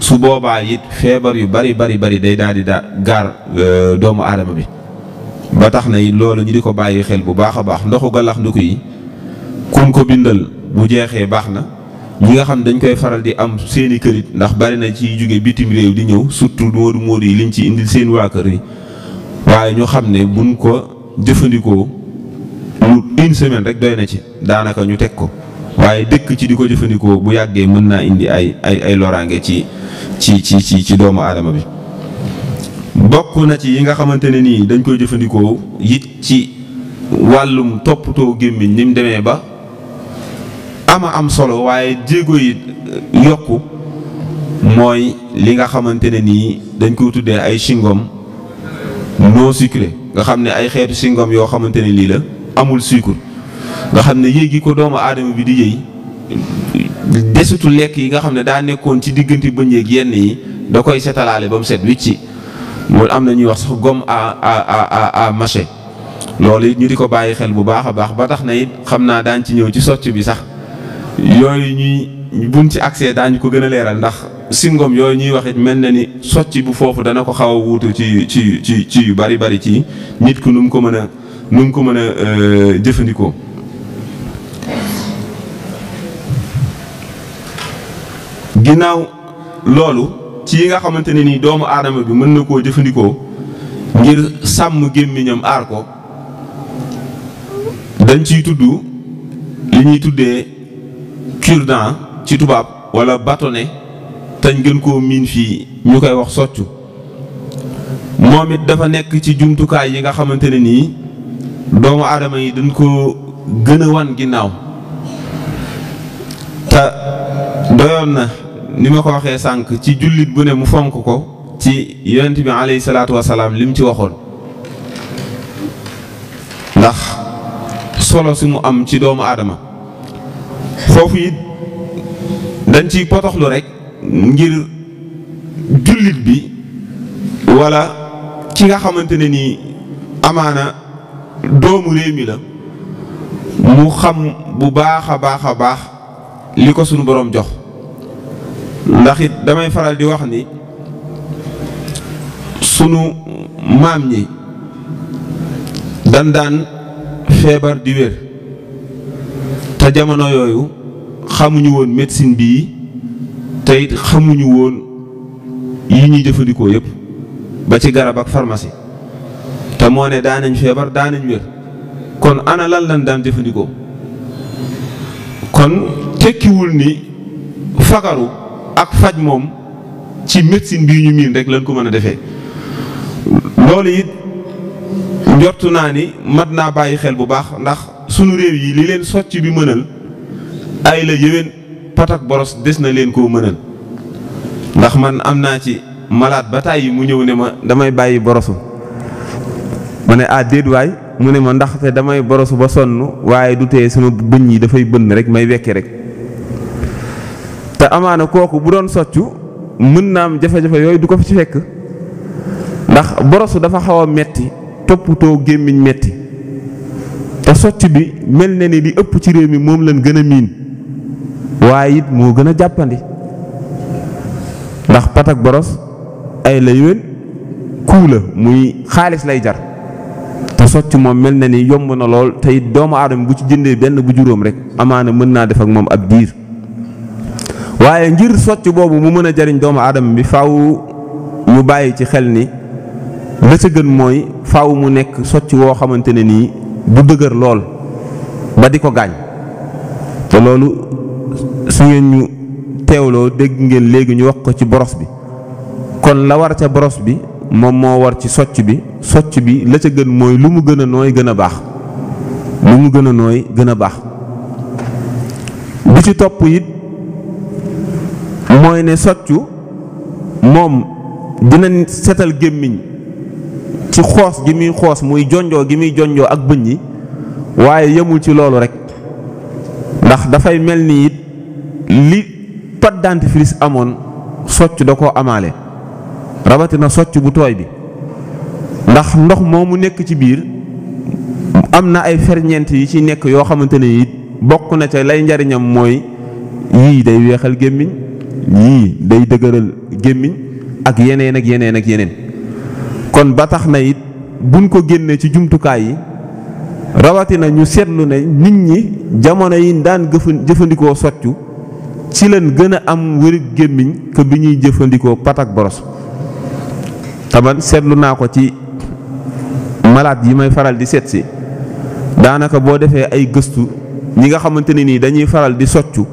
su boobaa yit feebar yu bari bari bari day daal di daa gaar euh, doomu aadama bi ba tax na loolu ñu di ko bàyyi xel bu baax a baax ndoxu galax nduku yi kun ko bindal bu jeexee baax na ñi nga xam dañ koy faral di am seeni kërit ndax bari na ci jóge bitim réew di ñëw surtout moodu moodu yi liñ ci indil seen waa kër yi waaye ñu xam ne buñ ko jëfandikoo lu une semaine rek doy na ci daanaka ñu teg ko waaye dëkk ci di ko jëfandikoo bu yàggee mën naa indi ay ay ay loraange ci ci ci ci ci doomu aadama bi bokk na ci yi nga xamante ne nii dañ koy jëfandikoo it ci wàllum toppatoo gémmiñ ni demee ba ama am solo waaye jéego yi euh, yokku mooy li nga xamante ne nii dañ koy tuddee ay singom non sucré nga xam ne ay xeetu singom yoo xamante ne lii la amul sucre nga xam ne yéeg yi ko doomu aadama bi di yëy desitu lekk yi nga xam ne daa nekkoon ci diggante bëñ yeeg yenn yi da koy setalaale ba mu set wicci loolu am na ñuy wax sax gomme a à à à mâcher loolu it ñu di ko bàyyi xel bu baax a baax ba tax na it xam naa daan ci ñëw ci socc bi sax. yooyu ñuy buñ ci accès daañu ko gën leeral ndax singom yooyu ñuy wax mel na ni socc bu foofu dana ko xaw a wuutu ci ci ci ci yu bari bari ci nit ku nu mu ko mën a nu ko mën a euh, jëfandikoo. ginnaaw loolu ci yi nga xamante ne ni doomu aadama bi mën na koo jëfandikoo ngir sàmm gémmiñam aar ko dañ ciy tudd li ñuy tuddee. cure-dent ci tubaab wala bâtonnet tañ gën koo miin fii ñu koy wax soccu moom it dafa nekk ci jumtukaay yi nga xamante ne nii doomu aadama yi dañ koo gën wan ginnaaw te doyoon na ni ma ko waxee sànq ci jullit bu ne mu fonk ko ci yonent bi alayhi salaatu wasalaam li mu ci waxoon ndax solo si mu am ci doomu aadama foofu it dañ ciy potoxlu rekk ngir jullit bi wala ki nga xamante ne ni amaana doomu réew mi la mu xam bu baax a baax a baax li ko sunu boroom jox ndaxit damay faral di wax ni sunu maam ñi dañ daan feebar di wér te jamono yooyu xamuñu woon médecine bii te it xamuñu woon yi ñuy jëfandikoo yëpp ba ci garab ak pharmacie te moo ne daanañ feebar daanañ wér kon ana lan daan jëfandikoo kon tekkiwul ni fagaru ak faj moom ci médecine bii ñu miin rek lañ ko mën a defee loolu it njortu naa ni mat naa bàyyi xel bu baax ndax sunu réew yi li leen socc bi mënal ay la yéwén patak boros des na leen koo mënal ndax man am naa ci malaat ba tàyyi mu ñëw ne ma damay bàyyi borosu ma ne ah déet mu ne ma ndax ndaxte damay borosu ba sonn waaye du tee sama bëñ yi dafay bënn rek may wekke rek te amaana kooku bu doon soccu mën naa am jafe-jafe yooyu du ko ci fekk ndax borosu dafa xaw a metti toppatoo gémmiñ metti te sotti bi mel na ni li ëpp ci réew mi moom lañ gën a miin waaye it moo gën a jàppandi ndax patak boros ay la yowén kuu la muy xaalis lay jar te sotti moom mel na ni yomb na lool tey doomu aadama bu ci jëndee benn bu juróom rek amaana mën naa def ak moom ab diir waaye ngir sotti boobu mu mën a jariñ doomu aadama bi faw ñu bàyyi ci xel ni la ca gën mooy faw mu nekk sotti woo xamante ne nii bu dëgër lool ba di ko gaañ te loolu su ngeen ñu teewloo dégg ngeen léegi ñu wax ko ci boros bi kon la war ca boros bi moom moo war ci socc bi socc bi la ca gën mooy lu mu gën a nooy gën a baax lu mu gën a nooy gën a baax bi ci topp it mooy ne soccu moom dina setal gémmiñ ci xoos gi muy xoos muy jonjoo gi muy jonjoo ak bëñ yi waaye yemul ci loolu rek ndax dafay mel ni it li pâte dentifrice amoon socc da koo amaale rabatina socc bu tooy bi ndax ndox mu nekk ci biir am na ay ferñeent yi ci nekk yoo xamante ne it bokk na ca lay njariñam mooy yii day weexal gémmiñ yii day dëgëral gémmiñ ak yeneen ak yeneen ak yeneen kon ba tax na it buñ ko génnee ci jumtukaay yi rawatina ñu seetlu ne nit ñi jamono yi daan gëfan jëfandikoo soccu ci leen gën a am wérig gémmiñ que bi ñuy jëfandikoo patak boros taman seetlu naa ko ci malaat yi may faral di seet si daanaka boo defee ay gëstu ñi nga xamante ne nii dañuy faral di soccu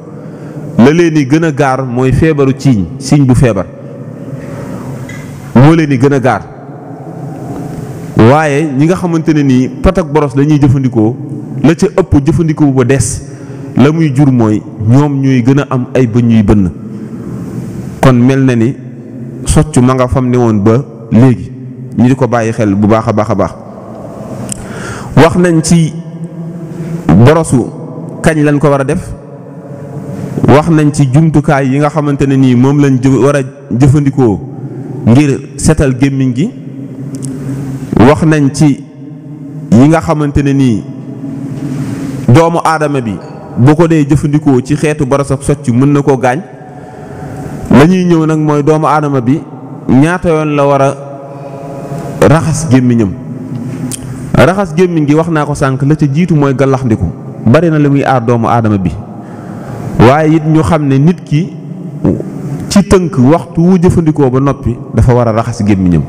la leen i gën a gaar mooy feebaru ciiñ siiñ bu feebar moo leen i gën a gaar waaye ñi nga xamante ne nii pot ak boros lañuy jëfandikoo la ca ëpp jëfandikoo ba des la muy jur mooy ñoom ñooy gën a am ay bëñ ñuy bënn kon mel na ni socc ma nga fam ne woon ba léegi ñu di ko bàyyi xel bu baax a baax a baax wax nañ ci borosu kañ lañ ko war a def wax nañ ci jumtukaay yi nga xamante ne nii moom lañ war a jëfandikoo ngir setal gémmiñ gi wax nañ ci yi nga xamante ne nii doomu aadama bi boo ko dee jëfandikoo ci xeetu boros ak mën na koo gaañ la ñuy ñëw nag mooy doomu aadama bi ñaata yoon la war a raxas gémmiñam raxas gémmiñ gi wax naa ko sànq la ca jiitu mooy gallaxndiku bari na li muy aar doomu aadama bi waaye it ñu xam ne nit ki ci tënk waxtu wu jëfandikoo ba noppi dafa war a raxas gémmiñam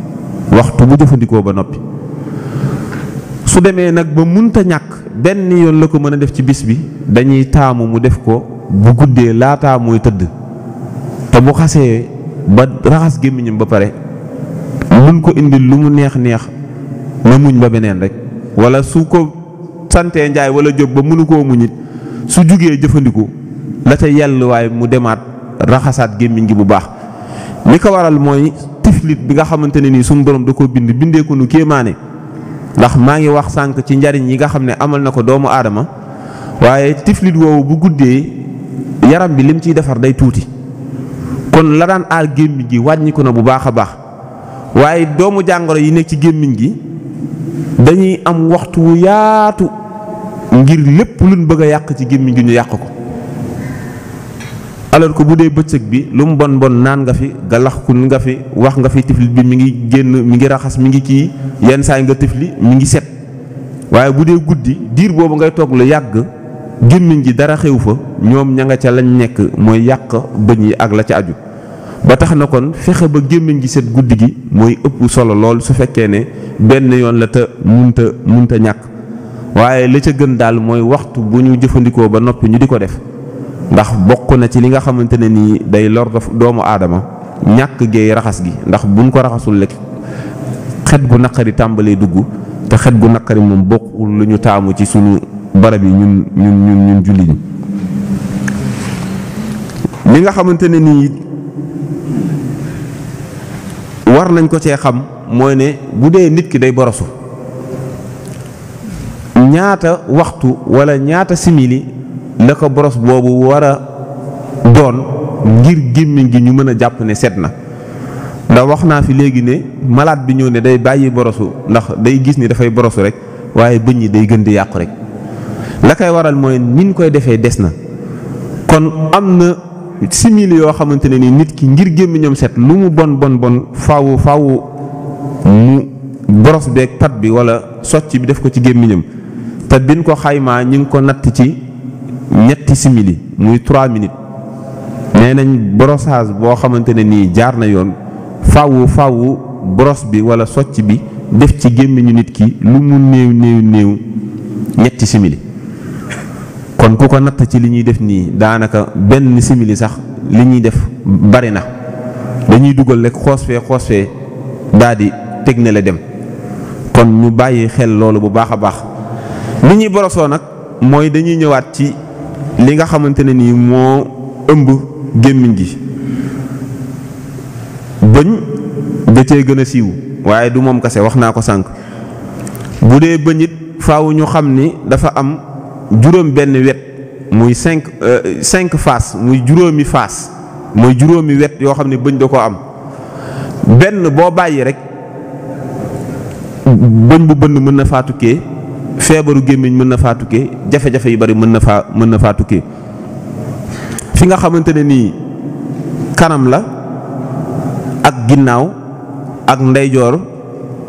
waxtu bu jëfandikoo ba noppi su demee nag ba munta ñàkk benn yoon la ko mën a def ci bis bi dañuy taamu mu def ko bu guddee laataa mooy tëdd te bu xasee ba raxas gémmiñam ba pare mun ko indil lu mu neex neex na muñ ba beneen rek wala su ko santee njaay wala jóg ba mënu koo muñit su jugee jëfandiku la ca waaye mu demaat raxasaat gémmiñ gi bu baax li ko waral mooy tiflit bi nga xamante ne nii suñu borom da koo bind bindee ko nu kéemaane ndax maa ngi wax sànq ci njariñ yi nga xam ne amal na ko doomu aadama waaye tiflit woowu bu guddee yaram bi lim ciy defar day tuuti kon la daan aar gémmiñ gi wàññi na bu baax a baax waaye doomu jàngoro yi nekk ci gémmiñ gi dañuy am waxtu wu yaatu ngir lépp luñ bëgg a yàq ci gémmiñ gi ñu yàq ko alors ko bu dee bëccëg bi lu mu bon bon naan nga fi galaxkun nga fi wax nga fi tiflit bi mi ngi génn mi ngi raxas mu ngi kii yenn saay nga tifli mu ngi set waaye bu dee guddi diir boobu ngay toog lu yàgg gémmiñ gi dara xew fa ñoom ña nga ca lañ nekk mooy yàq bëñ yi ak la ca aju ba tax na kon fexe ba gémmiñ gi set guddi gi mooy ëpp solo lool su fekkee ne benn yoon la te munta munta ñàkk waaye la ca gën daal mooy waxtu bu ñu jëfandikoo ba nopp ñu di ko def ndax bokk na ci li nga xamante ne nii day lor doomu aadama ñàkk géey raxas gi ndax buñ ko raxasul lekk xet gu naqari tàmbalee dugg te xet gu naqari moom bokkul lu ñu taamu ci suñu barab yi ñun ñun ñun ñun julli ñi li nga xamante ne nii war nañ ko cee xam mooy ne bu dee nit ki day borosu ñaata waxtu walla ñaata simili la ko boros boobu war a doon ngir gémmiñ gi ñu mën a jàpp ne set na ndax wax naa fi léegi ne malaat bi ñëw ne day bàyyi borosu ndax day gis ni dafay borosu rek waaye bëñ yi day gën di yàqu rek la koy waral mooy niñ koy defee des na kon am na simili yoo xamante ne ni nit ki ngir gémmiñam set lu mu bon bon bon faawu faawu mu boros beeg pat bi wala socc bi def ko ci gémmiñam te biñ ko xaymaa ñi ngi ko natt ci ñetti simili muy trois minutes nee nañ brossage boo xamante ne nii jaar na yoon faawu faawu brosse bi walla socc bi def ci gémmiñu nit ki lu mu néew néew néew ñetti simili kon ku ko natt ci li ñuy def nii daanaka benn simili sax li ñuy def bari na dañuy dugal rek xoos fee xoos fee daal di teg na la dem kon ñu bàyyi xel loolu bu baax a baax li ñuy borosoo nag mooy dañuy ñëwaat ci li nga xamante ne nii moo ëmb gémmiñ gi bëñ da cee gën a siiw waaye du moom kese wax naa ko sànq bu dee bëñ it faaw ñu xam ni dafa am juróom benn wet muy cinq euh, cinq faces muy juróomi faces mooy juróomi wet yoo xam ne bëñ da ko am benn boo bàyyi rek bëñ bu bënn mën na faa tukkee feebaru gémmiñ mën na faa tukkee jafe-jafe yu bari mën na faa mën na faa tukkee fi nga xamante ne nii kanam la ak ginnaaw ak ndeyjoor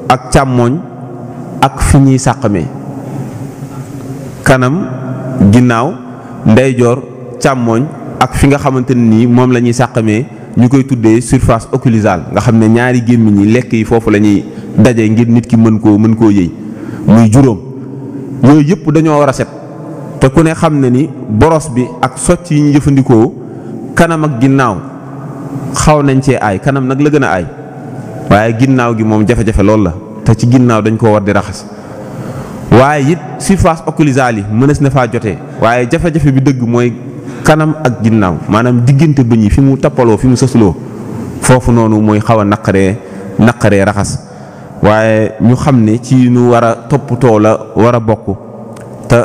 ak càmmooñ ak fi ñuy sàqamee kanam ginnaaw ndeyjoor càmmooñ ak fi nga xamante nii moom la ñuy sàqamee ñu koy tuddee surface occlusale nga xam ne ñaari gémmiñ yi lekk yi foofu lañuy daje ngir nit ki mën koo mën koo yëy muy juróom yooyu yëpp dañoo war a set te ku ne xam ne ni boros bi ak socc yi ñu jëfandikoo kanam ak ginnaaw xaw nañ cee aay kanam nag la gën a aay waaye ginnaaw gi moom jafe-jafe loolu la te ci ginnaaw dañ koo war di raxas waaye it surface occlusale yi mënees na faa jotee waaye jafe-jafe bi dëgg mooy kanam ak ginnaaw maanaam diggante bëñ yi fi mu tappaloo fi mu sësuloo foofu noonu mooy xaw a naqaree naqaree raxas waaye ñu xam ne ci ñu war a toppatoo la war a bokk te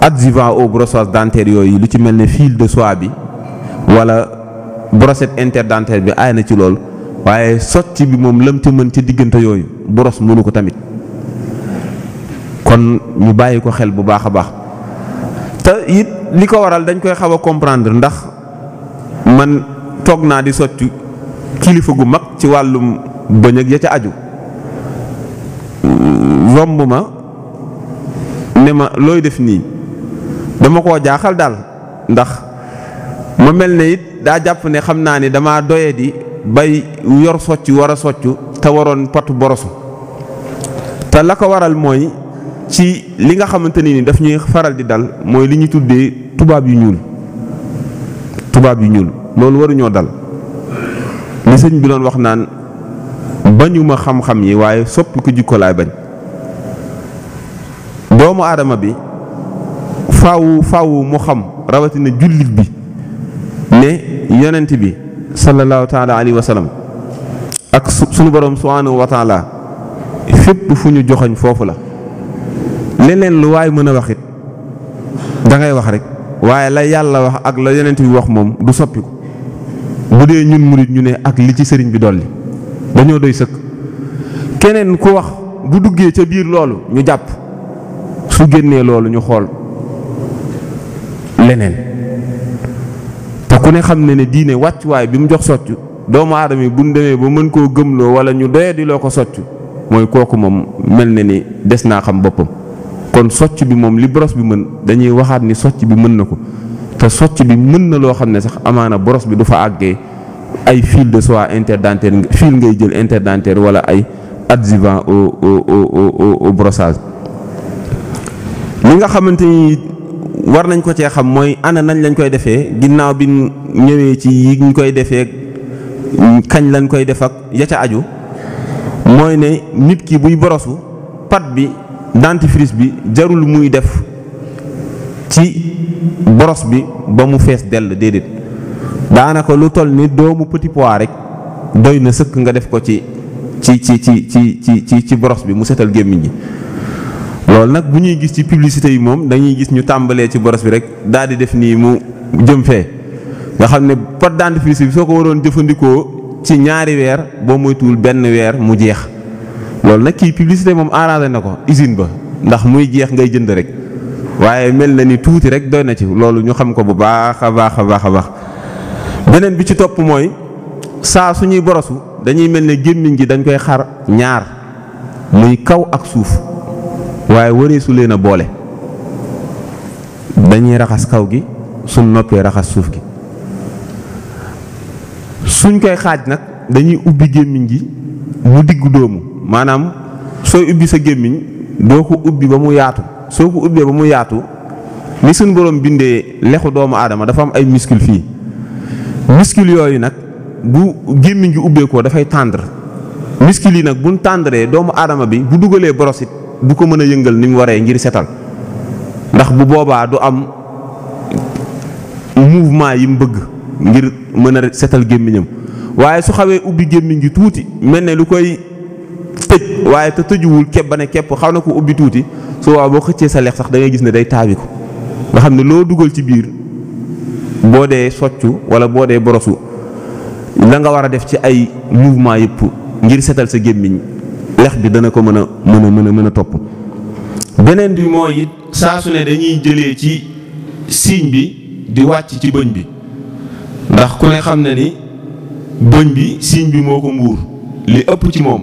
adjuvant au brossage dentaire yooyu lu ci mel ni fil de soie bi wala brossette interdentaire bi aay na ci lool waaye sotti bi moom lam ci mën ci diggante yooyu boros mënu ko tamit kon ñu bàyyi ko xel bu baax a baax te it li ko waral dañ koy xaw a comprendre ndax man toog naa di sotti kilifa gu mag ci wàllum bëñ ak ya ca aju romb ma ne ma looy def nii dama ko jaaxal daal ndax ma mel ne it daa jàpp ne xam naa ni damaa doye di bay yor soccu war soccu te waroon patu borosu te la ko waral mooy ci li nga xamante ni daf ñuy faral di dal mooy li ñu tuddee tubaab yu ñuul tubaab yu ñuul loolu waruñoo dal li sëñ bi doon wax naan bañuma xam-xam yi waaye soppi ko jikko laay bañ doomu aadama bi faaw faaw mu xam rawatina jullit bi ne yonent bi sallallahu taala alayhi wa ak suñu borom subhanahu wa taala fépp fu ñu joxoñ foofu la leneen lu waay mën a waxit da ngay wax rek waaye la yàlla wax ak la yonent bi wax moom du soppiku bu dee ñun murit ñu ne ak li ci sëriñ bi dolli dañoo doy sëkk keneen ku wax bu duggee ca biir loolu ñu jàpp su génnee loolu ñu xool leneen te ku ne xam ne ne diine wàccuwaay bi mu jox soccu doomu aadama yi bu ñu demee ba mën koo gëmloo wala ñu doye di ko soccu mooy kooku moom mel na ni des naa xam boppam kon socc bi moom li boros bi mën dañuy waxaat ni socc bi mën na ko te socc bi mën na loo xam ne sax amaana boros bi du fa àggee ay fil de soie interdentaire fil ngay jël interdentaire wala ay adjuvant au au li nga xamante ni war nañ ko cee xam mooy ana nañ lañ koy defee ginnaaw bi ñëwee ci yi ñu koy defee kañ lañ koy def ak ya ca aju mooy ne nit ki buy borosu pat bi dentifrice bi jarul muy def ci boros bi ba mu fees dell déedéet daanaka lu toll ni doomu petit pois rek doy na sëkk nga def ko ci ci ci ci ci ci ci boros bi mu setal gémmiñ gi loolu nag bu ñuy gis ci publicité yi moom dañuy gis ñu tàmbalee ci boros bi rek daal di def nii mu jëm fee nga xam ne pot dentifrice bi soo ko waroon jëfandikoo ci ñaari weer boo moytuwul benn weer mu jeex loolu nag kii publicité moom arrangé na ko usine ba ndax muy jeex ngay jënd rek waaye mel na ni tuuti rek doy na ci loolu ñu xam ko bu baax a baax a baax a baax beneen bi ci topp mooy saa suñuy borosu dañuy mel ne gémmiñ gi dañ koy xar ñaar muy kaw ak suuf waaye wareesu leen a boole dañuy raxas kaw gi suñ noppee raxas suuf gi suñ koy xaaj nag dañuy ubbi gémmiñ gi mu diggu doomu maanaam soo ubbi sa gémmiñ doo ko ubbi ba mu yaatu soo ko ubbee ba mu yaatu ni suñ borom bindee lexu doomu aadama dafa am ay muscle fii muscle yooyu nag bu gémmiñ gi ubbeekoo dafay tendre muscle yi nag buñ tendree doomu aadama bi bu dugalee brosit du ko mën a yëngal ni mu waree ngir setal ndax bu boobaa du am mouvement yi mu bëgg ngir mën a setal gémmiñam waaye su xawee ubbi gémmiñ gi tuuti mel ne lu koy tëj waaye te tëjuwul képp ba ne képp xaw na ko ubbi tuuti su waaw boo xëccee sa lex sax dangay gis ne day taabi ko nga xam ne loo dugal ci biir boo dee soccu wala boo dee borosu la nga war a def ci ay mouvement yëpp ngir setal sa gémmiñ lex bi dana ko mën a mën a mën a mën a topp beneen bi mooy it saa su ne dañuy jëlee ci signe bi di wàcc ci bëñ bi ndax ku ne xam ne ni bëñ bi signe bi moo ko mbuur li ëpp ci moom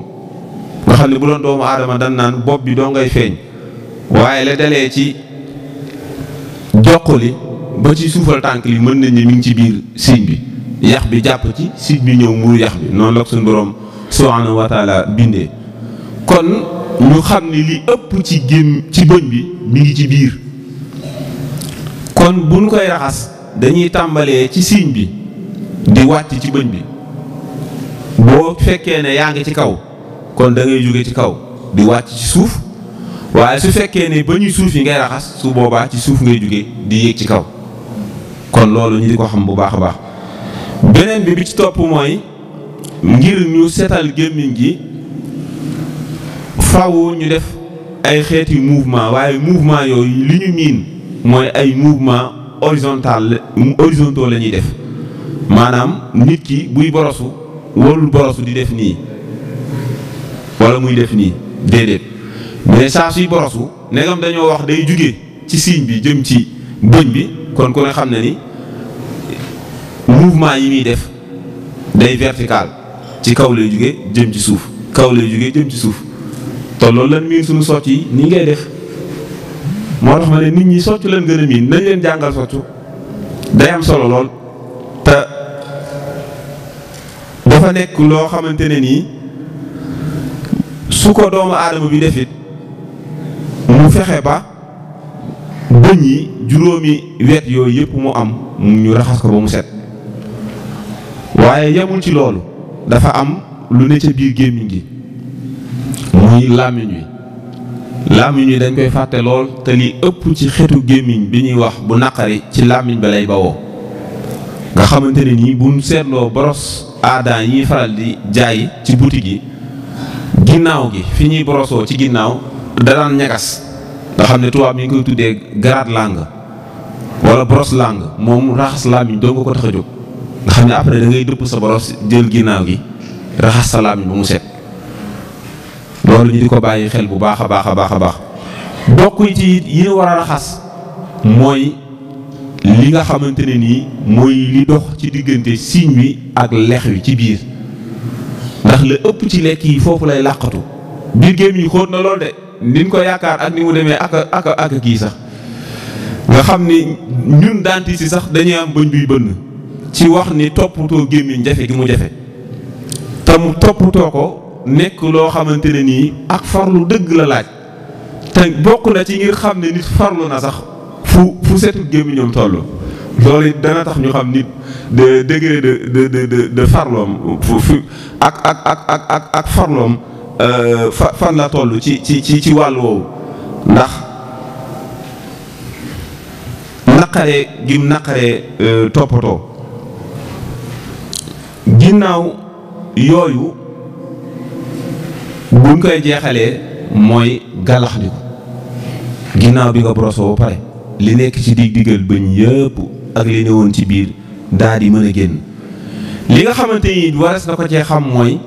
nga xam ne bu doon doomu aadama dan naan bopp bi doo ngay feeñ waaye la dalee ci joq li ba ci suufal tànk li mën nañ ne mi ngi ci biir signe bi yax bi jàpp ci signe bi ñëw muur yax bi noonu la ko suñu borom subhanahu bindee kon ñu xam ni li ëpp ci gémm ci bëñ bi mi ngi ci biir kon bu ñu koy raxas dañuy tàmbalee ci siiñ bi di wàcc ci bëñ bi boo fekkee ne yaa ngi ci kaw kon da ngay jóge ci kaw di wàcc ci suuf waaye su fekkee ne ba ñuy suuf yi ngay raxas su boobaa ci suuf ngay jóge di yéeg ci kaw kon loolu ñu di ko xam bu baax a baax beneen bi bi ci topp mooy ngir ñu setal gémmiñ gi faaw ñu def ay xeeti mouvement waaye mouvement yooyu li ñu miin mooy ay mouvement horizontal horizontaux la ñuy def maanaam nit ki buy borosu warul borosu di def nii wala muy def nii déedéet mais saa suy borosu ndegam dañoo wax day juge ci signe bi jëm ci bëñ bi kon ku ne xam na ni mouvement yi muy def day vertical ci kaw lay jugee jëm ci suuf kaw lay jugee jëm ci suuf te loolu lan miin suñu socc yi nii ngay def moo tax ma ne nit ñi socc lan gën a miin nañ leen jàngal socc day am solo lool te dafa nekk loo xamante ne nii su ko doomu aadama bi defit mu fexe ba bëñ yi juróomi wet yooyu yëpp mu am ñu raxas ko ba mu set waaye yemul ci loolu dafa am lu ne ca biir gémmiñ gi muy làmmiñ wi làmmiñ wi dañ koy fàtte lool te li ëpp ci xetu gémmiñ bi ñuy wax bu naqari ci làmmiñ ba lay bawoo nga xamante ni nii buñ seetloo boros aadaan yi faral di jaay ci boutique yi ginnaaw gi fi ñuy borosoo ci ginnaaw da daan ñagas nga xam ne tubaab mi ngi koy tuddee grade langue wala brosse langue moom raxas làmmiñ doo nga ko tax a jóg nga xam ne après da ngay dëpp sa boros jël ginnaaw gi raxas sa làmmiñ ba mu set loolu ñu di ko bàyyi xel bu baax a baax a baax a baax ci yi ñu war a raxas mooy li nga xamante ne nii mooy li dox ci diggante siiñ wi ak lex wi ci biir ndax la ëpp ci lekk yi foofu lay làqatu biir géem yi xóot na lool de niñ ko yaakaar ak ni mu demee ak a ak ak kii sax nga xam ni ñun daanti sax dañuy am bëñ buy bënn ci wax ni toppatoo gémmiñ jafe gi mu jafe te mu ko nekk loo xamante ne nii ak farlu dëgg la laaj te bokk na ci ngir xam ne nit farlu na sax fu fu setu gémmiñam toll loolu dana tax ñu xam nit de degré de de de de de farloom fu ak ak ak ak ak ak farloom euh, fa fan la toll ci ci ci ci wàll woowu ndax naqaree gim naqaree euh, toppatoo ginnaaw yooyu. buñ koy jeexalee mooy gàllaxndiku ginnaaw bi nga brosoo ba pare li nekk ci dig diggal bëñ yëpp ak li ne ci biir daa di mën a génn li nga xamante ni wares na ko cee xam mooy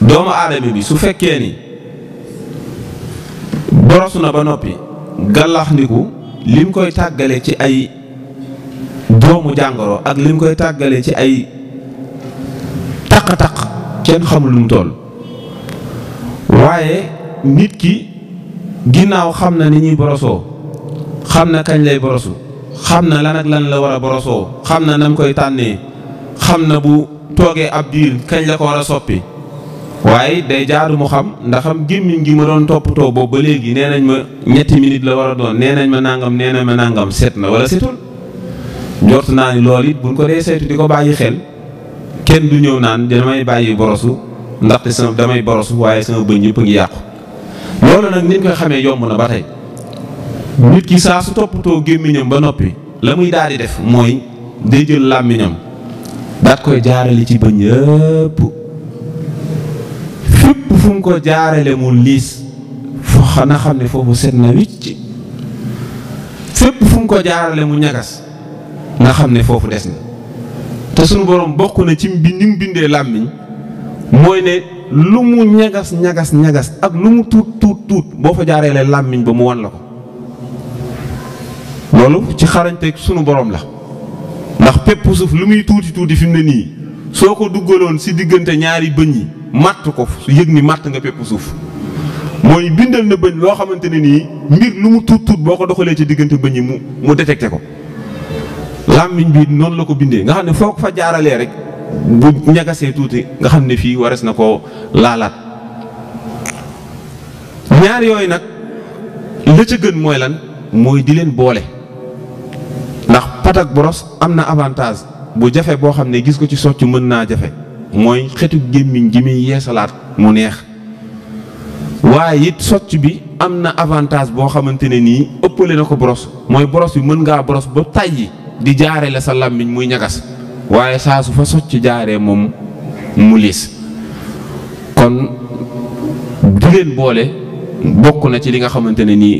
doomu aadama bi su fekkee ni borosu na ba noppi gàllaxndiku lim koy tàggale ci ay doomu jàngoro ak lim koy tàggale ci ay taq-taq kenn xamul lu mu toll waaye nit ki ginnaaw xam na ni ñuy borosoo xam na kañ lay borosu xam na lan ak lan la war a borosoo xam na nam koy tànnee xam na bu toogee ab diir kañ la ko war a soppi waaye day jaaru mu xam ndaxam gémmiñ gi ma doon toppatoo boobu ba léegi nee nañ ma ñetti minute la war a doon nee nañ ma nangam nee nañ ma nangam seet na wala setul njort naa ni lool it buñ ko dee seetu di ko bàyyi xel kenn du ñëw naan damay bàyyi borosu ndaxte sama damay boros waaye sama bëñ yëpp a ngi yàqu loolu nag niñ koy xamee yomb na ba tey nit ki saa su toppatoo gémmiñam ba noppi la muy daal di def mooy day jël làmmiñam daat koy jaarale ci bëñ yëpp fépp fu mu ko jaarale mu liis foo na xam ne foofu set na wicc fépp fu mu ko jaarale mu ñagas nga xam ne foofu des na te sunu borom bokk na ci bi mu bindee làmmiñ mooy ne lu mu ñagas ñagas ñagas ak lu mu tuut tuut tuut boo fa jaareele làmmiñ ba mu wan la ko loolu ci xarañteeg sunu borom la ndax pépp suuf lu muy tuuti tuuti fi mu ne nii soo ko duggaloon si diggante ñaari bëñ yi màtt ko yëg ni màtt nga pépp suuf mooy bindal na bëñ loo xamante ne nii mbir lu mu tuut tuut boo ko doxalee ci diggante bëñ yi mu mu détecté ko làmmiñ bi noonu la ko bindee nga xam ne foo ko fa jaaralee rek. bu ñagasee tuuti nga xam ne fii warees na ko laalaat ñaar yooyu nag lu ca gën mooy lan mooy di leen boole ndax patak boros am na avantage bu jafe boo xam ne gis ko ci socc mën naa jafe mooy xetu gémmiñ gi muy yeesalaat mu neex waaye it socc bi am na avantage boo xamante ne nii ëpp leen na ko boros mooy boros bi mën ngaa boros ba tàyyi di jaare la sa làmmiñ muy ñagas waaye saa su fa socc jaaree moom mu liis kon di leen boole bokk na ci li nga xamante ne nii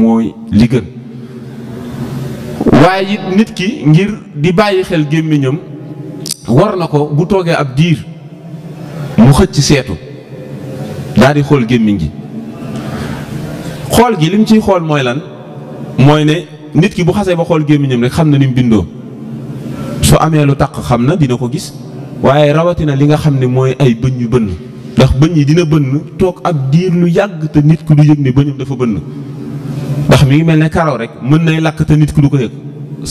mooy li gën waaye it nit ki ngir di bàyyi xel gémmiñam war na ko bu toogee ab diir mu xëcc seetu daal di xool gémmiñ gi xool gi lim ciy xool mooy lan mooy ne nit ki bu xasee ba xool gémmiñam rek xam na ni mu bindoo su amee lu taq xam na dina ko gis waaye rawatina li nga xam ne mooy ay bëñ yu bënn ndax bëñ yi dina bënn toog ab diir lu yàgg te nit ku du yëg ne bëñam dafa bënn ndax mi ngi mel ne karaw rek mën nay lakk te nit ku du ko yëg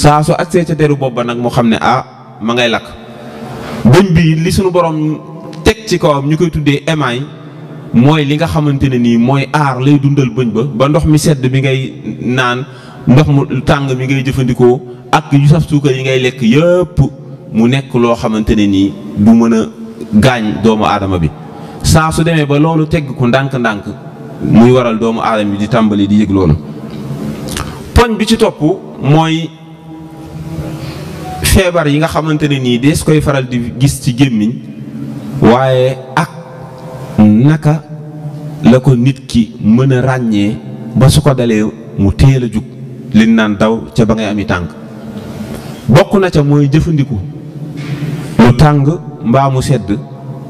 saa su agsee ca deru bopp ba nag mu xam ne ah ma ngay lakk bëñ bi li suñu borom teg ci kawam ñu koy tuddee émail mooy li nga xamante ne nii mooy aar lay dundal bëñ ba ba ndox mi sedd bi ngay naan ndox mu tàng mi ngay jëfandikoo ak yu saf suukar yi ngay lekk yëpp mu nekk loo xamante ne nii du mën a gaañ doomu aadama bi saa su demee ba loolu tegg ko ndànk-ndànk muy waral doomu aadama bi di tàmbali di yëg loolu poñ bi ci topp mooy feebar yi nga xamante ne nii dees koy faral di gis ci gémmiñ waaye ak naka la ko nit ki mën a ràññee ba su ko dalee mu teel la jug liñ naan daw ca ba ngay ami tànk bokk na ca mooy jëfandiku lu tàng mbaa mu sedd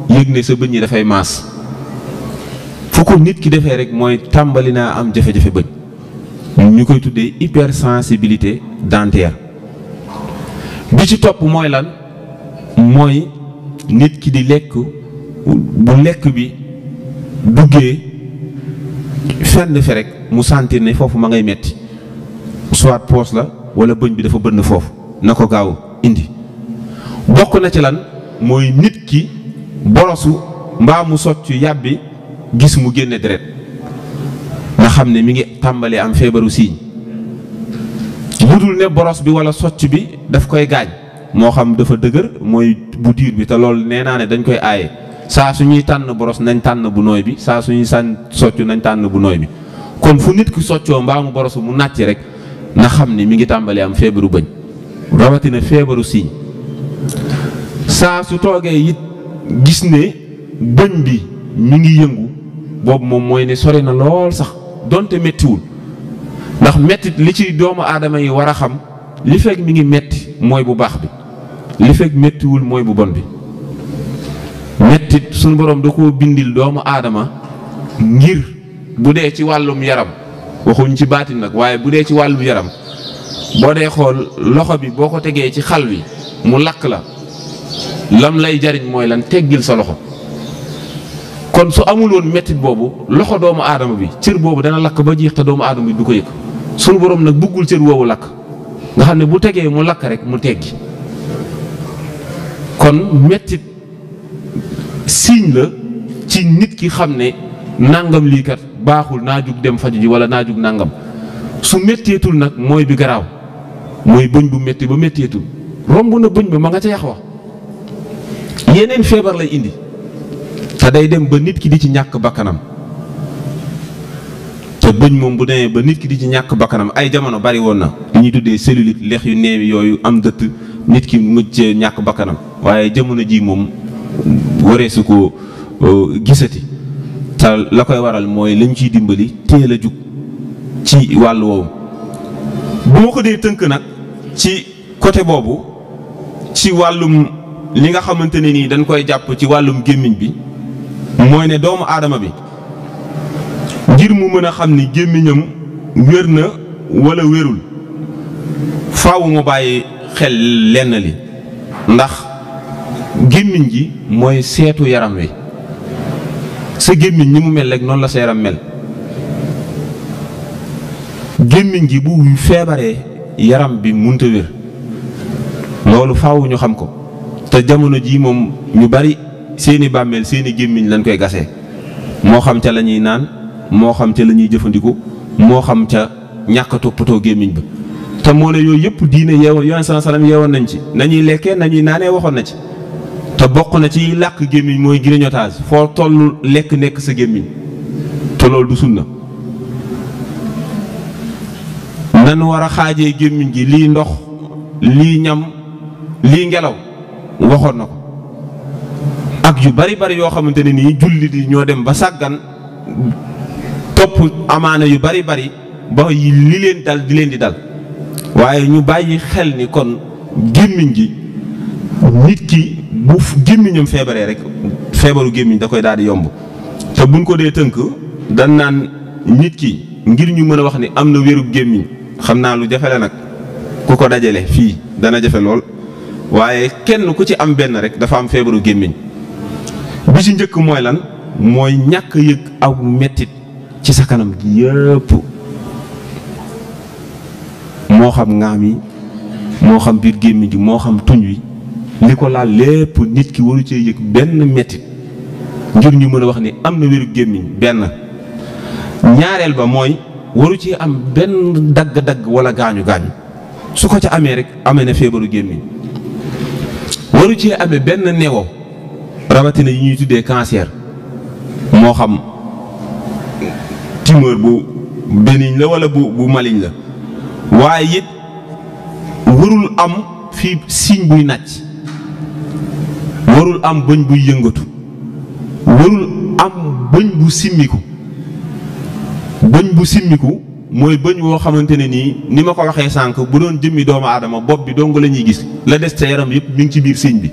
yëg ne sa bëñ yi dafay maas fu ko nit ki defee rek mooy tàmbali naa am jafe-jafe bëñ ñu koy tuddee hypersensibilité dentaire bi ci topp mooy lan mooy nit ki di lekk bu lekk bi duggee fenn fi rek mu sentir ne foofu ma ngay metti soit poos la walla bëñ bi dafa bënn foofu na ko gaaw indi bokk na ci lan mooy nit ki borosu mbaamu mu soccu yàbbi gis mu génne deret nga xam ne mi ngi tàmbalee am feebaru siiñ lu dul ne boros bi walla socc bi daf koy gaañ moo xam dafa dëgër mooy bu diir bi te loolu nee naa ne dañ koy aaye saa su ñuy tànn boros nañ tànn bu nooy bi saa su ñuy sànn soccu nañ tànn bu nooy bi kon fu nit ki soccoo mbaamu borosu mu nàcc rek na xam ne mi ngi tàmbalee am feebaru bëñ rawatina feebaru siiñ saa su toogee it gis ne bëñ bi mu ngi yëngu boobu moom mooy ne sori na lool sax donte mettiwul ndax mettit li ci doomu aadama yi war a xam li fekk mi ngi metti mooy bu baax bi li fekk mettiwul mooy bu bon bi mettit suñu borom da koo bindil doomu aadama ngir bu dee ci wàllum yaram waxuñ ci baatin nag waaye bu dee ci wàllum yaram boo dee xool loxo bi boo ko tegee ci xal wi mu lakk la lam lay jariñ mooy lan teggil sa loxo kon su amul woon mettit boobu loxo doomu aadama bi cër boobu dana lakk ba jeex te doomu aadama bi du ko yëg sunu boroom nag bëggul cër woowu lakk nga xam ne bu tegee mu lakk rek mu teggi kon mettit signe la ci nit ki xam ne nàngam lii kat baaxul naa jug dem faju ji wala naajug jug su métteetul nag mooy bi garaaw mooy bëñ bu métti ba métteetul romb na bëñ ba ma nga ca yax wa yeneen feebar lay indi te day dem ba nit ki di ci ñàkk bakkanam te bëñ moom bu demee ba nit ki di ci ñàkk bakkanam ay jamono bari woon na li ñuy tuddee cellulite lex yu neewi yooyu am dëtt nit ki mu mujj ñàkk bakkanam waaye jamono jii moom waree su ko euh, gisati te la koy waral mooy lañ ciy dimbali teel a jug ci wàll woowu bu ko dee tënk nag ci côté boobu ci wàllum li nga xamante ne nii dañ koy jàpp ci wàllum gémmiñ bi mooy ne doomu aadama bi ngir mu mën a xam ni gémmiñam wér na walla wérul faaw bàyyi xel lenn li ndax gémmiñ gi mooy seetu yaram wi sa gémmiñ ni mu mel nekk noonu la sa yaram mel gémmiñ gi bu feebaree yaram bi munta wér loolu faaw ñu xam ko te jamono jii moom ñu bari seeni bàmmeel seeni gémmiñ lañ koy gase moo xam ca la ñuy naan moo xam ca lañuy jëfandikoo moo xam ca ñàkk toppatoo gémmiñ bi te moo ne yooyu yëpp diine yeewoon yoon sa salaam yeewoon nañ ci nañuy lekkee nañuy naanee waxoon na ci te bokk na ci làkk gémmiñ mooy grignotage foo tollu lekk nekk sa gémmiñ te loolu du sunna nan war a xaajee gémmiñ gi lii ndox lii ñam lii ngelaw waxoon na ko ak yu bari bari yoo xamante ne nii jullit di ñoo dem ba sàggan topp amaana yu bari bari ba li leen dal di leen di dal waaye ñu bàyyi xel ni kon gémmiñ gi nit ki bu gémmiñam feebaree rek feebaru gémmiñ da koy daal di yomb te buñ ko dee tënk dan naan nit ki ngir ñu mën a wax ni am na wéru gémmiñ xam naa lu jafe la nag ku ko dajale fii dana jafe lool waaye kenn ku ci am benn rek dafa am feebaru gémmiñ bi ci njëkk mooy lan mooy ñàkk yëg aw mettit ci sa kanam gi yëpp moo xam ŋaam yi moo xam biir gémmiñ gi moo xam tuñ wi li ko laal lépp nit ki waru cee yëg benn mettit ngir ñu mën a wax ni am na wéru gémmiñ benn ñaareel ba mooy waru ci am benn dagg-dagg wala gaañu gaañu su ko ca amee rek amee na feebaru gémmiñ waru ci amee benn neewo rawatina yi ñuy tuddee cancer moo xam tumeur bu bénigne la wala bu bu maliñ la waaye it warul am fi signe buy nàcc warul am bëñ buy yëngatu warul am bëñ bu simmiku bëñ bu simmiku mooy bëñ woo xamante ne nii ni ma ko waxee sànq bu doon jëmmi doomu aadama bopp bi dong la ñuy gis la des sa yaram yëpp mi ngi ci biir siñ bi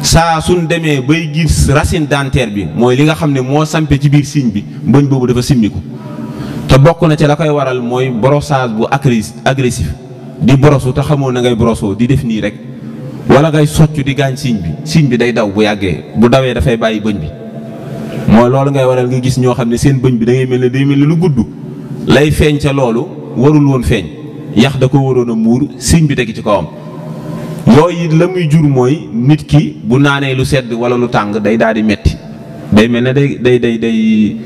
saa suñ demee bay gis racine dentaire bi mooy li nga xam ne moo sampe ci biir siñ bi bëñ boobu dafa simmiku te bokk na ci la koy waral mooy brossage bu agressif di borosu te xamoo na ngay borosoo di def nii rek wala ngay soccu di gaañ siñ bi siñ bi day daw bu yàggee bu dawee dafay bàyyi bëñ bi mooy loolu ngay waral nga gis ñoo xam ne seen bëñ bi dangay ngay mel ne day mel lu gudd lay feeñ ca loolu warul woon feeñ yax da ko waroon a muur sëñ bi teg ci kawam. yooyu it la muy jur mooy nit ki bu naanee lu sedd wala lu tàng day daal di metti day mel ne day day day day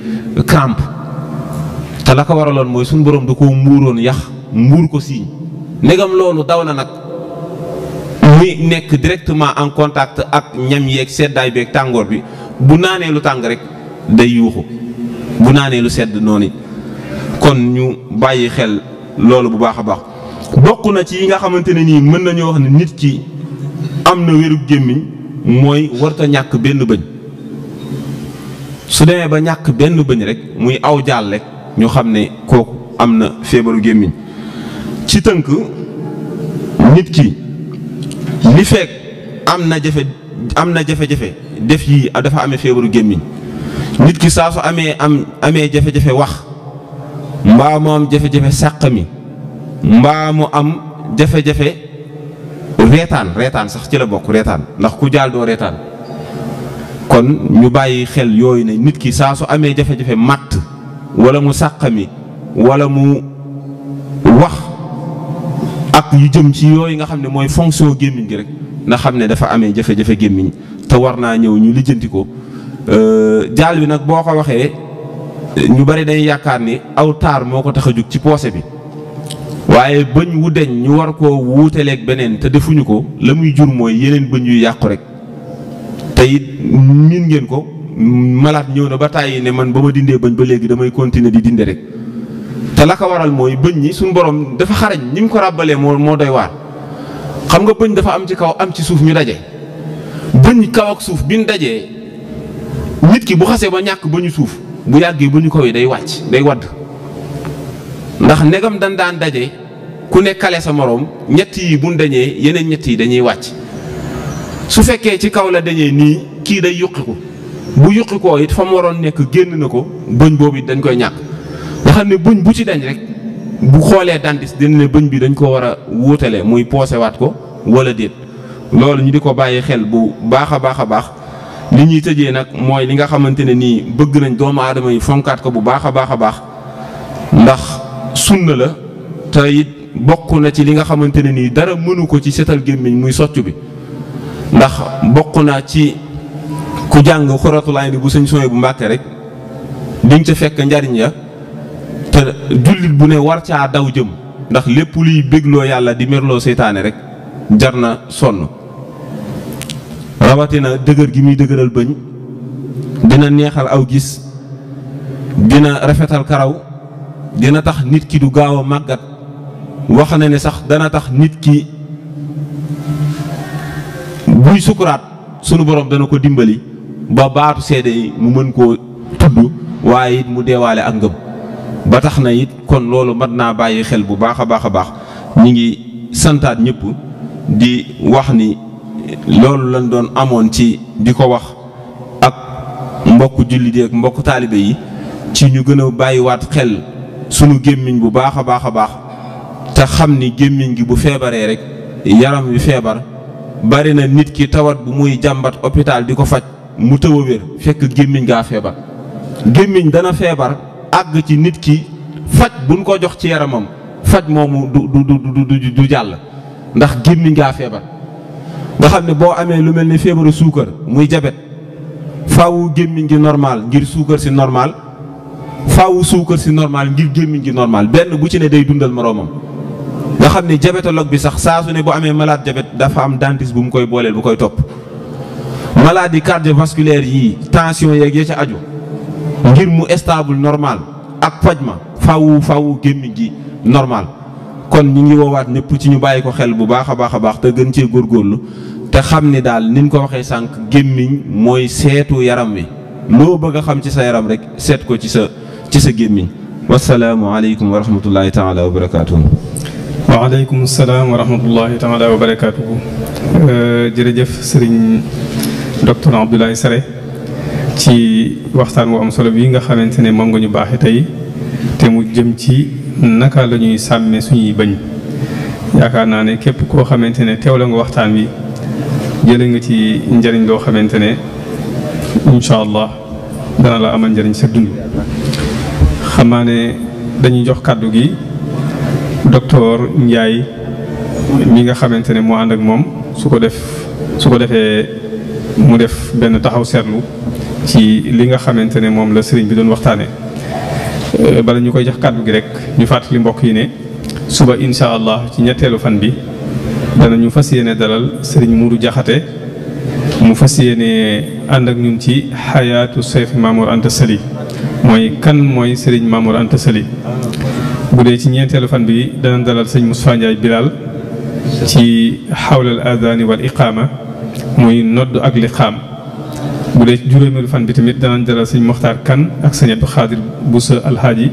crampe te la ko waraloon mooy suñu borom da koo mbuuroon yax muur ko siiñ ndegam loolu daw na nag muy nekk directement en contact ak ñam yeeg seddaay beeg tàngoor bi. bu naanee lu tàng rek day yuuxu bu naanee lu sedd noonu kon ñu bàyyi xel loolu bu baax a baax bokk na ci yi nga xamante ne nii mën nañoo wax ne nit ki am na wérug gémmiñ mooy warta ñàkk benn bëñ su demee ba ñàkk benn bëñ rek muy aw jaal rek ñu xam ne kooku am na feebaru gémmiñ ci tënk nit ki li fekk am na jafe am na jafe-jafe def yii dafa ame feebaru gémmiñ nit ki saa su amee am amee jafe-jafe wax mbaa mu am jafe-jafe sàq mbaa mu am jafe-jafe reetaan reetaan sax ci la bokk reetaan ndax ku jaal doo reetaan kon ñu bàyyi xel yooyu ne nit ki saa su amee jafe-jafe màtt wala mu sàq mi wala mu wax ak yu jëm ci yooyu nga xam ne mooy fonction gémmiñ gi rek na xam ne dafa amee jafe-jafe gémmiñ te war naa ñëw ñu lijjanti ko euh, jaal bi nag boo ko waxee ñu bari dañuy yaakaar ni aw taar moo ko tax a jóg ci poose bi waaye bëñ wu deñ ñu war koo wuuteleeg beneen te defuñu ko la muy jur mooy yeneen bëñ yu yàqu rek tey miin ngeen ko malaat ñëw na ba tàyyi ne man ba ma dindee bëñ ba léegi damay continuer di dinde rek te la ko waral mooy bëñ yi suñu borom dafa xarañ ñi mu ko ràbbalee moo moo doy waar xam nga bëñ dafa am ci kaw am ci suuf ñu daje bëñ kaw ak suuf bi ñu dajee nit ki bu xasee ba ñàkk bëñu suuf bu yàggee bëñu kaw yi day wàcc day wadd ndax ndegam dañ daan daje ku ne kale sa moroom ñett yi buñ dañee yeneen ñett yi dañuy wàcc su fekkee ci kaw la dañee nii kii day ko bu yuqikoo it fa mu waroon nekk génn na ko bëñ boobu it dañ koy ñàkk nga xam ne bëñ bu ci dañ rek bu xoolee dentiste dina ne bëñ bi dañ ko war a wuutale muy poosé waat ko wala déet loolu ñu di ko bàyyi xel bu baax a baax a baax li ñuy tëjee nag mooy li nga xamante ne nii bëgg nañ doomu aadama yi fonkaat ko bu baax a baax a baax ndax sunna la te it bokk na ci li nga xamante ne nii dara mënu ko ci setal gémmiñ muy soccu bi ndax bokk naa ci ku jàng xuratul ayni bu sëñ sooy bu mbàkke rek diñ ca fekk njariñ ya te jullit bu ne war caa daw jëm ndax lépp luy bégloo yàlla di merloo seytaane rek jar na sonn na dëgër gi muy dëgëral bëñ dina neexal aw gis dina rafetal karaw dina tax nit ki du gaaw a màggat wax na ne sax dana tax nit ki buy sukuraat sunu borom dana ko dimbali ba baatu seede yi mu mën koo tudd waaye it mu deewaale ak ngëm ba tax na it kon loolu mat naa bàyyi xel bu baax a baax a baax ñu ngi santaat ñëpp di wax ni loolu lañ doon amoon ci di ko wax ak mbokk jullit yi ak mbokk taalibe yi ci ñu gën a bàyyiwaat xel sunu gémmiñ bu baax a baax a baax te xam ni gémmiñ gi bu feebaree rek yaram wi feebar bari na nit ki tawat bu muy jàmbat hôpital di ko faj mu tëw fekk gémmiñ gaa feebar gémmiñ dana feebar àgg ci nit ki faj buñ ko jox ci yaramam faj moomu du du du du jàll ndax gémmiñ ngaa feebar nga xam ne boo amee lu mel ni feebaru suukar muy jabet faawu gémmiñ gi normal ngir suukar si normal faawu suukar si normal ngir gémmiñ gi normal benn bu ci ne day dundal moroomam nga xam ne diabétologue bi sax saa su ne bu amee malade jabet dafa am dentiste bu mu koy booleel bu koy topp maladie cardiovasculaire yii tension yeeg ya ca aju ngir mu stable normal ak faj ma faaw faaw gémmiñ gi normal kon ñi ngi woowaat ñëpp ci ñu bàyyi ko xel bu baax a baax a baax te gën cee góor góorgóorlu te xam ni daal niñ ko waxee sànq gémmiñ mooy seetu yaram wi loo bëgg a xam ci sa yaram rek seet ko ci sa ci sa gémmiñ wasalaamu aleykum wa rahmatullahi taala wa barakaatuhu waaleykum salaam wa rahmatullahi taala wa barakaatuhu euh, jërëjëf sëriñ docteur Abdoulaye Sare ci waxtaan wu am solo bi nga xamante ne moom nga ñu baaxe tey te mu jëm ci naka la ñuy sàmmee suñuy bañ yaakaar naa ne képp koo xamante ne teew la nga waxtaan wi jële nga ci njëriñ loo xamante ne incha dana la amal njëriñ sa dund xam naa ne dañuy jox kàddu gi docteur njaay mi nga xamante ne moo ànd ak moom su ko def su ko defee mu def benn taxaw seetlu ci li nga xamante ne moom la sëriñ bi doon waxtaane euh, bala ñu koy jox kàddu gi rek ñu fàttali mbokk yi ne suba incha allah ci ñetteelu fan bi danañu fas yéene dalal sëriñ Mourou Jaxate mu fas yéene ànd ak ñun ci xayaatu mooy kan mooy sëriñ Mamour Anta Sali bu ñeenteelu fan bi dana dalal sëñ Moussa Ndiaye Bilal ci xawlal adani wal iqaama muy nodd ak liqaam bu dee juróomeelu fan bi tamit danañ dalal sëñ Moxtaar Kan ak sëñ Abdu bu Busa Alxaaji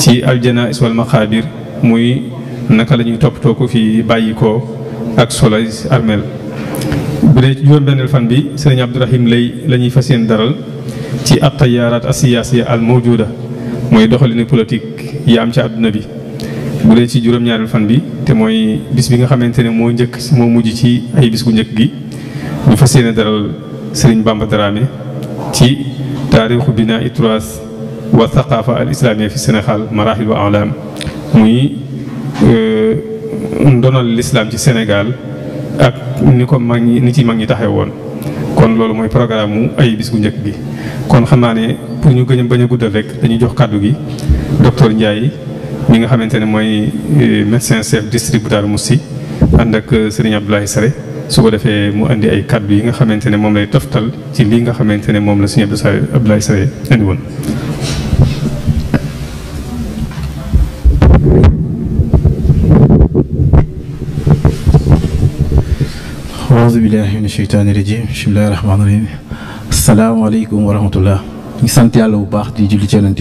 ci aljana iswal maqaabir muy naka la ñuy toppatoo ko fi bàyyi ko ak solay armeel bu dee juróom-benneelu fan bi sëñ Abdourahim lay la ñuy fas yéen daral ci at tayaaraat asiyaasiya al mawjuda mooy doxalinu politique yi am ci àdduna bi bu dee ci juróom-ñaareelu fan bi te mooy bis bi nga xamante ne moo njëkk moo mujj ci ay bis bu njëkk gi ñu fas yéene daral Serigne Bamba Dramé ci taarixu binaa ituraas wa saqaafa al islaamia fi Sénégal marahil wa alam muy euh, ndonal l'islam ci Sénégal ak ni ko mag ñi ni ci mag ñi taxee woon kon loolu mooy programme mu ay bis bu njëkk bi kon xam naa ne pour ñu gën a guddal rek dañuy jox kàddu gi docteur Ndiaye mi nga xamante ne mooy euh, médecin chef district bu Darou Moussi ànd ak euh, Serigne Abdoulaye Sare su ko defee mu indi ay kàddu yi nga xamante ne moom lay toftal ci lii nga xamante ne moom la sëñ Abdoulaye Sarré indi woon aouzu billahi mina sheytaani rajim bismillahi rahmaani sant yàlla bu baax di julli ci yonent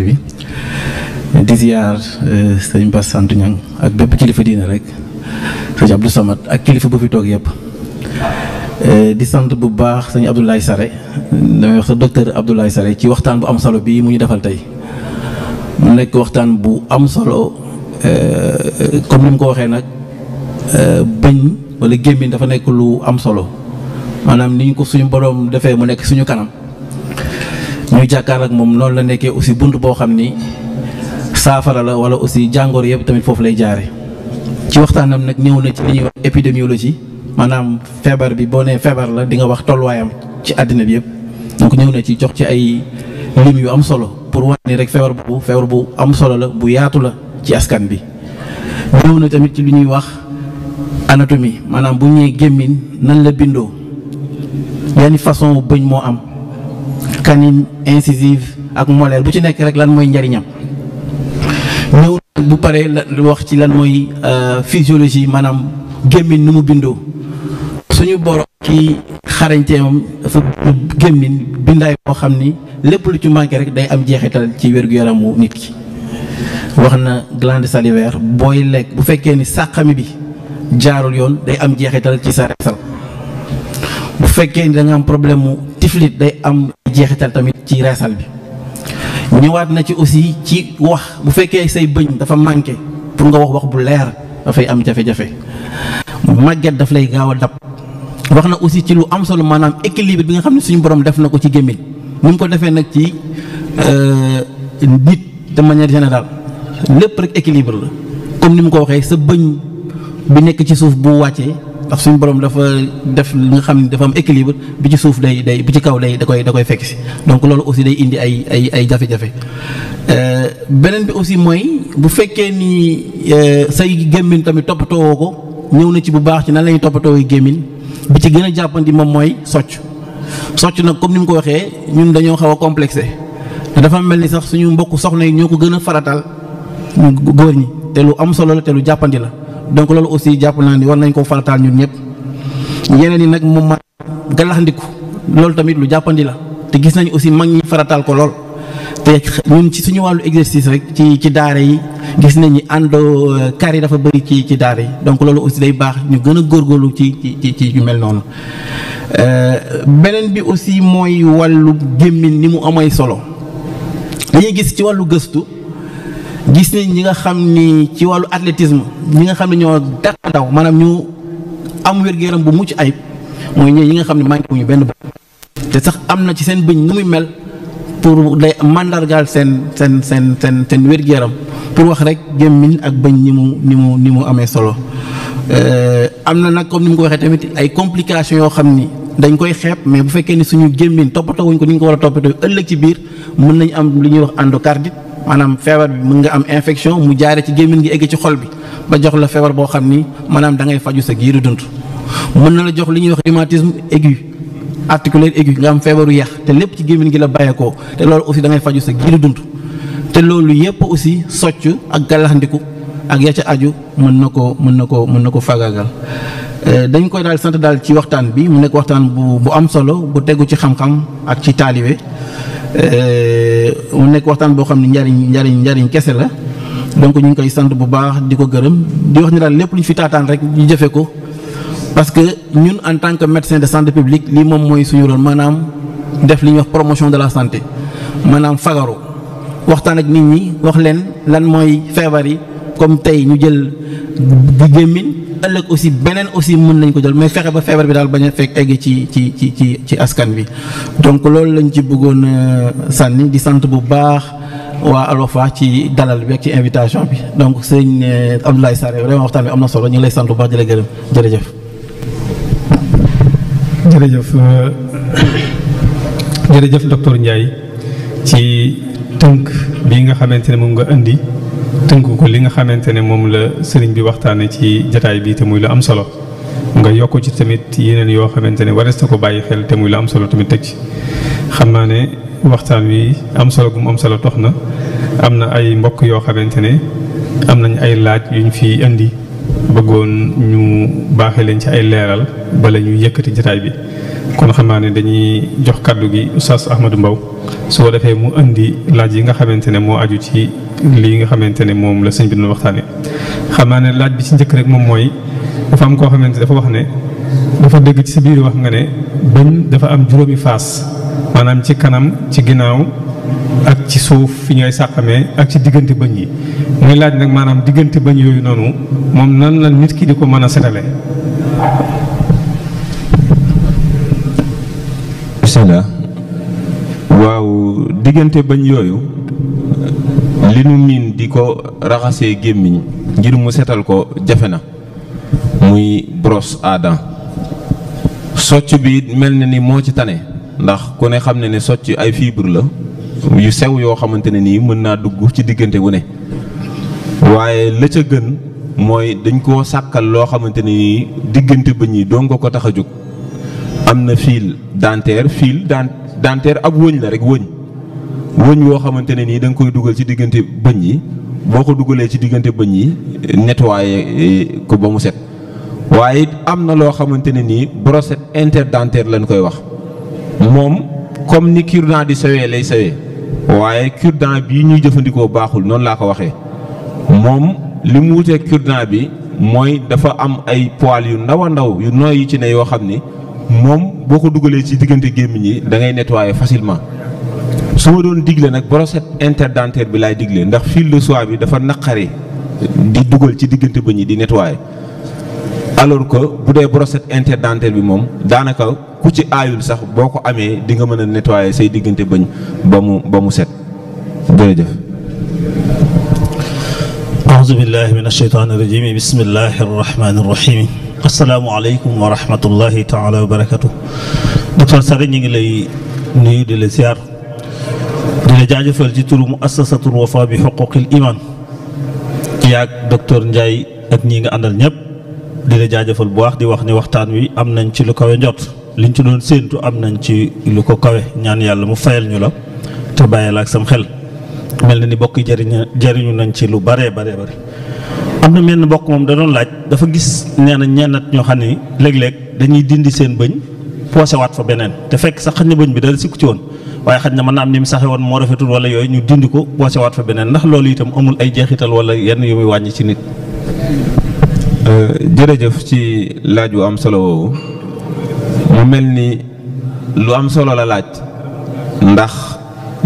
euh, sëñ Bass sant ñang ak bépp kilifa diine rek sëñ Abdou Samad ak kilifa bu fi toog yëpp Eh, di sant bu baax sëñ Abdoulaye Sare damay wax sa docteur Abdoulaye Sare ci waxtaan bu am solo bii mu ñu defal tey mu nekk waxtaan bu am solo eh, comme ni ko waxee nag eh, bëñ wala gémmiñ dafa nekk lu am solo maanaam ni ko suñu boroom defee mu nekk suñu kanam ñu jàkkaar ak moom noonu la nekkee aussi bunt boo xam ni saafara la wala aussi jàngoor yëpp tamit foofu lay jaare ci waxtaanam nag ñëw na ci li ñuy wax épidémiologie maanaam feebar bi boo nee feebar la di nga wax tolluwaayam ci àddina bi yëpp donc ñëw na ci jox ci ay lim yu am solo pour wane ni rek feebar bu feebar bu am solo la bu yaatu la ci askan bi. ñëw na tamit ci lu ñuy wax anatomie maanaam bu ñuy gémmin nan la bindoo yenn façon bëñ moo am canine incisive ak moleel bu ci nekk rek lan mooy njariñam. ñëw bu paree la wax ci lan mooy euh, physiologie maanaam gémmin nu mu bindoo suñu borom ci xarañteemam dafa gémmiñ bindaay boo xam ni lépp lu ci manqué rek day am jeexital ci wér-gu-yaramu nit ki wax na glande salivaire booy lekk bu fekkee ni sàqami bi jaarul yoon day am jeexital ci sa reesal bu fekkee ni da am problème mu tiflit day am jeexital tamit ci reesal bi ñëwaat na ci aussi ci wax bu fekkee say bëñ dafa manqué pour nga wax wax bu leer dafay am jafe-jafe màgget daf lay gaaw a dab wax na aussi ci lu am solo maanaam équilibre bi nga xam ne suñu borom def na ko ci gémmiñ ni mu ko defee nag ci euh, nit de manière générale lépp rek équilibre la comme ni mu ko waxee sa bëñ bi nekk ci suuf bu wàccee ndax suñ boroom dafa def li nga xam ne dafa am équilibre bi ci suuf day day bi ci kaw day da koy da koy fekk si donc loolu aussi day indi ay ay ay jafe-jafe euh, beneen bi aussi mooy bu fekkee ni euh, say gémmiñ tamit toppatoo ko ñëw na ci bu baax ci nan lañuy toppatoo gémmiñ bi ci gën a jàppandi moom mooy socc socc nag comme ni mu ko waxee ñun dañoo xaw a complexé te dafa mel ni sax suñu mbokk soxna yi ñoo ko gën a faratal góor ñi te lu am solo la te lu jàppandi la donc loolu aussi jàpp naa ni war nañ ko farataal ñun ñëpp yeneen yi nag moom ma gàllaxndiku loolu tamit lu jàppandi la te gis nañ aussi mag ñi farataal ko lool te ñun ci suñu wàllu exercice rek ci ci daara yi gis nañ ni àndoo euh, kar yi dafa bëri ci ci daara yi donc loolu aussi day baax ñu gën a góorgóorlu ci ci ci yu mel noonu euh, beneen bi aussi mooy wàllu gémmiñ ni mu amay solo dañuy gis ci wàllu gëstu. gis nañ ñi nga xam ni ci wàllu athlétisme ñi nga xam ne ñoo dara daw maanaam ñu am wér-gu-yaram bu mucc ayib mooy ñi nga xam ne manqué wuñu benn bëñ te sax am na ci seen bëñ nu muy mel pour day màndargaal seen seen seen seen seen wér-gu-yaram pour wax rek gémmiñ ak bëñ ni mu ni mu ni mu amee solo euh, am na nag comme ni mu ko waxee tamit ay complications yoo xam ni dañ koy xeeb mais bu fekkee ni suñu gémmiñ toppatoo wuñ ko ni ñu ko war a toppatoo ëllëg ci biir mën nañ am lu ñuy wax endocardite maanaam feebar bi mën nga am infection mu jaare ci gémmiñ gi egg ci xol bi ba jox la feebar boo xam ni maanaam da ngay faju sa giiru dund mën na la jox li ñuy wax rhumatisme aigu articulaire aigu nga am feebaru yax te lépp ci gémmiñ gi la bàyyeekoo te loolu aussi dangay faju sa giiru dund te loolu yépp aussi socc ak gàllaxndiku ak ya ca aju mën na ko mën na ko mën na ko fagaagal euh, dañ koy daal sant daal ci waxtaan bi mu nekk waxtaan bu bu am solo bu tegu ci xam-xam ak ci taalibe Euh, mu nekk waxtaan boo xam ne njariñ njariñ njariñ kese la donc ñu ngi koy sant bu baax di ko gërëm di wax ni daal lépp lu fi taataan rek ñu jëfe ko parce que ñun en tant que médecin de santé publique li moom mooy suñu rôle maanaam def li ñuy wax promotion de la santé maanaam fagaru waxtaan ak nit ñi wax leen lan mooy feebar yi comme tey ñu jël di gémmiñ ëllëg aussi beneen aussi mën nañ ko jël mais fexe ba feebar bi daal bañ a fekk egg ci ci ci ci ci askan bi donc loolu lañ ci bëggoon euh, sànni di sant bu baax waa Al ci dalal bi ak ci invitation bi donc sëñ euh, Abdoulaye Sarr vraiment waxtaan bi am na solo ñu lay sant bu baax di la gërëm jërëjëf. jërëjëf euh, jërëjëf docteur Ndiaye ci tënk bi nga xamante ne moom nga indi. tënk ko li nga xamante ne moom la sëriñ bi waxtaane ci jataay bi te muy la am solo nga yokk ci tamit yeneen yoo xamante ne warees na ko bàyyi xel te muy lu am solo tamit teg ci xam naa ne waxtaan wi am solo gum am solo tox na am na ay mbokk yoo xamante ne am nañ ay laaj yuñ fi indi bëggoon ñu baaxee leen ci ay leeral bala ñu yëkkati jataay bi kon xam naa ne dañuy jox kàddu gi oustaz Ahmadou Mbow soo defee mu indi laaj yi nga xamante ne moo aju ci lii nga xamante ne moom la sëñ bi doon waxtaane xam naa ne laaj bi ci njëkk rek moom mooy dafa am koo xamante dafa wax ne dafa dégg ci sa biir wax nga ne bëñ dafa am juróomi faas maanaam ci kanam ci ginnaaw ak ci suuf fi ñooy sàqamee ak ci diggante bëñ yi mooy laaj nag maanaam diggante bëñ yooyu noonu moom nan la nit ki di ko mën a setale kese la waaw diggante bañ yooyu li nu miin di ko raxasee gémmiñ ngir mu setal ko jafe na muy brosse à dents socc bi mel na ni moo ci tane ndax ku ne xam ne ne socc ay fibre la yu sew yoo xamante ne nii mën naa dugg ci diggante bu ne waaye la ca gën mooy dañ koo sàkkal loo xamante ne nii diggante bëñ yi doo nga ko tax a jóg am na fil dentaire fil dentaire ab wëñ la rek wëñ wëñ woo xamante ne nii da koy dugal ci diggante bëñ yi boo ko dugalee ci diggante bëñ yi nettoyé eh, ko ba mu set waaye am na loo xamante ne nii brochette interdentaire lañ koy wax moom comme ni cure di sawee lay sawee waaye cure bi bii ñuy jëfandikoo baaxul noonu laa ko waxee moom li mu wutee cure bi mooy dafa am ay poils yu ndaw a ndaw yu nooy yi ci ne yoo xam ni moom boo ko dugalee ci diggante gémmiñ yi da ngay nettoyer facilement su ma doon digle nag brochette interdentaire bi laay digle ndax fil de soie bi dafa naqari di dugal ci diggante bëñ yi di nettoyer alors que bu dee brochette interdentaire bi moom daanaka ku ci aayul sax boo ko amee di nga mën a nettoyer say diggante bëñ ba mu ba mu set jërëjëf aouzu billahi min asheytaan irajim bismillahi arrahmani irrahim asalaamaaleykum wa rahmatullahi taala wa barakatu docteur Sare ñu ngi lay nuyu di la ziar di la jaajëfal ci turu muassasatul wafa bi xuquqil iman yaag docteur Ndiaye ak ñi nga àndal ñëpp di la jaajëfal bu baax di wax ni waxtaan wi am nañ ci lu kawe njot liñ ci doon séentu am nañ ci lu ko kawe ñaan yàlla mu fayal ñu la te bàyyi la ak sam xel mel na ni bokk jëriñu jëriñu nañ ci lu baree baree bare am na mel mbokk moom da doon laaj dafa gis nee na ñennat ñoo xam ne léeg-léeg dañuy dindi seen bëñ poosewaat fa beneen te fekk sax xëy na bëñ bi dara sikku ci woon waaye xëy na man na am ni mu saxe woon moo rafetul wala yooyu ñu dindi ko poosewaat fa beneen ndax loolu itam amul ay jeexital wala yenn yu muy wàññi ci nit. Euh, jërëjëf ci laaj wu am solo woowu mu mel ni lu am solo la laaj ndax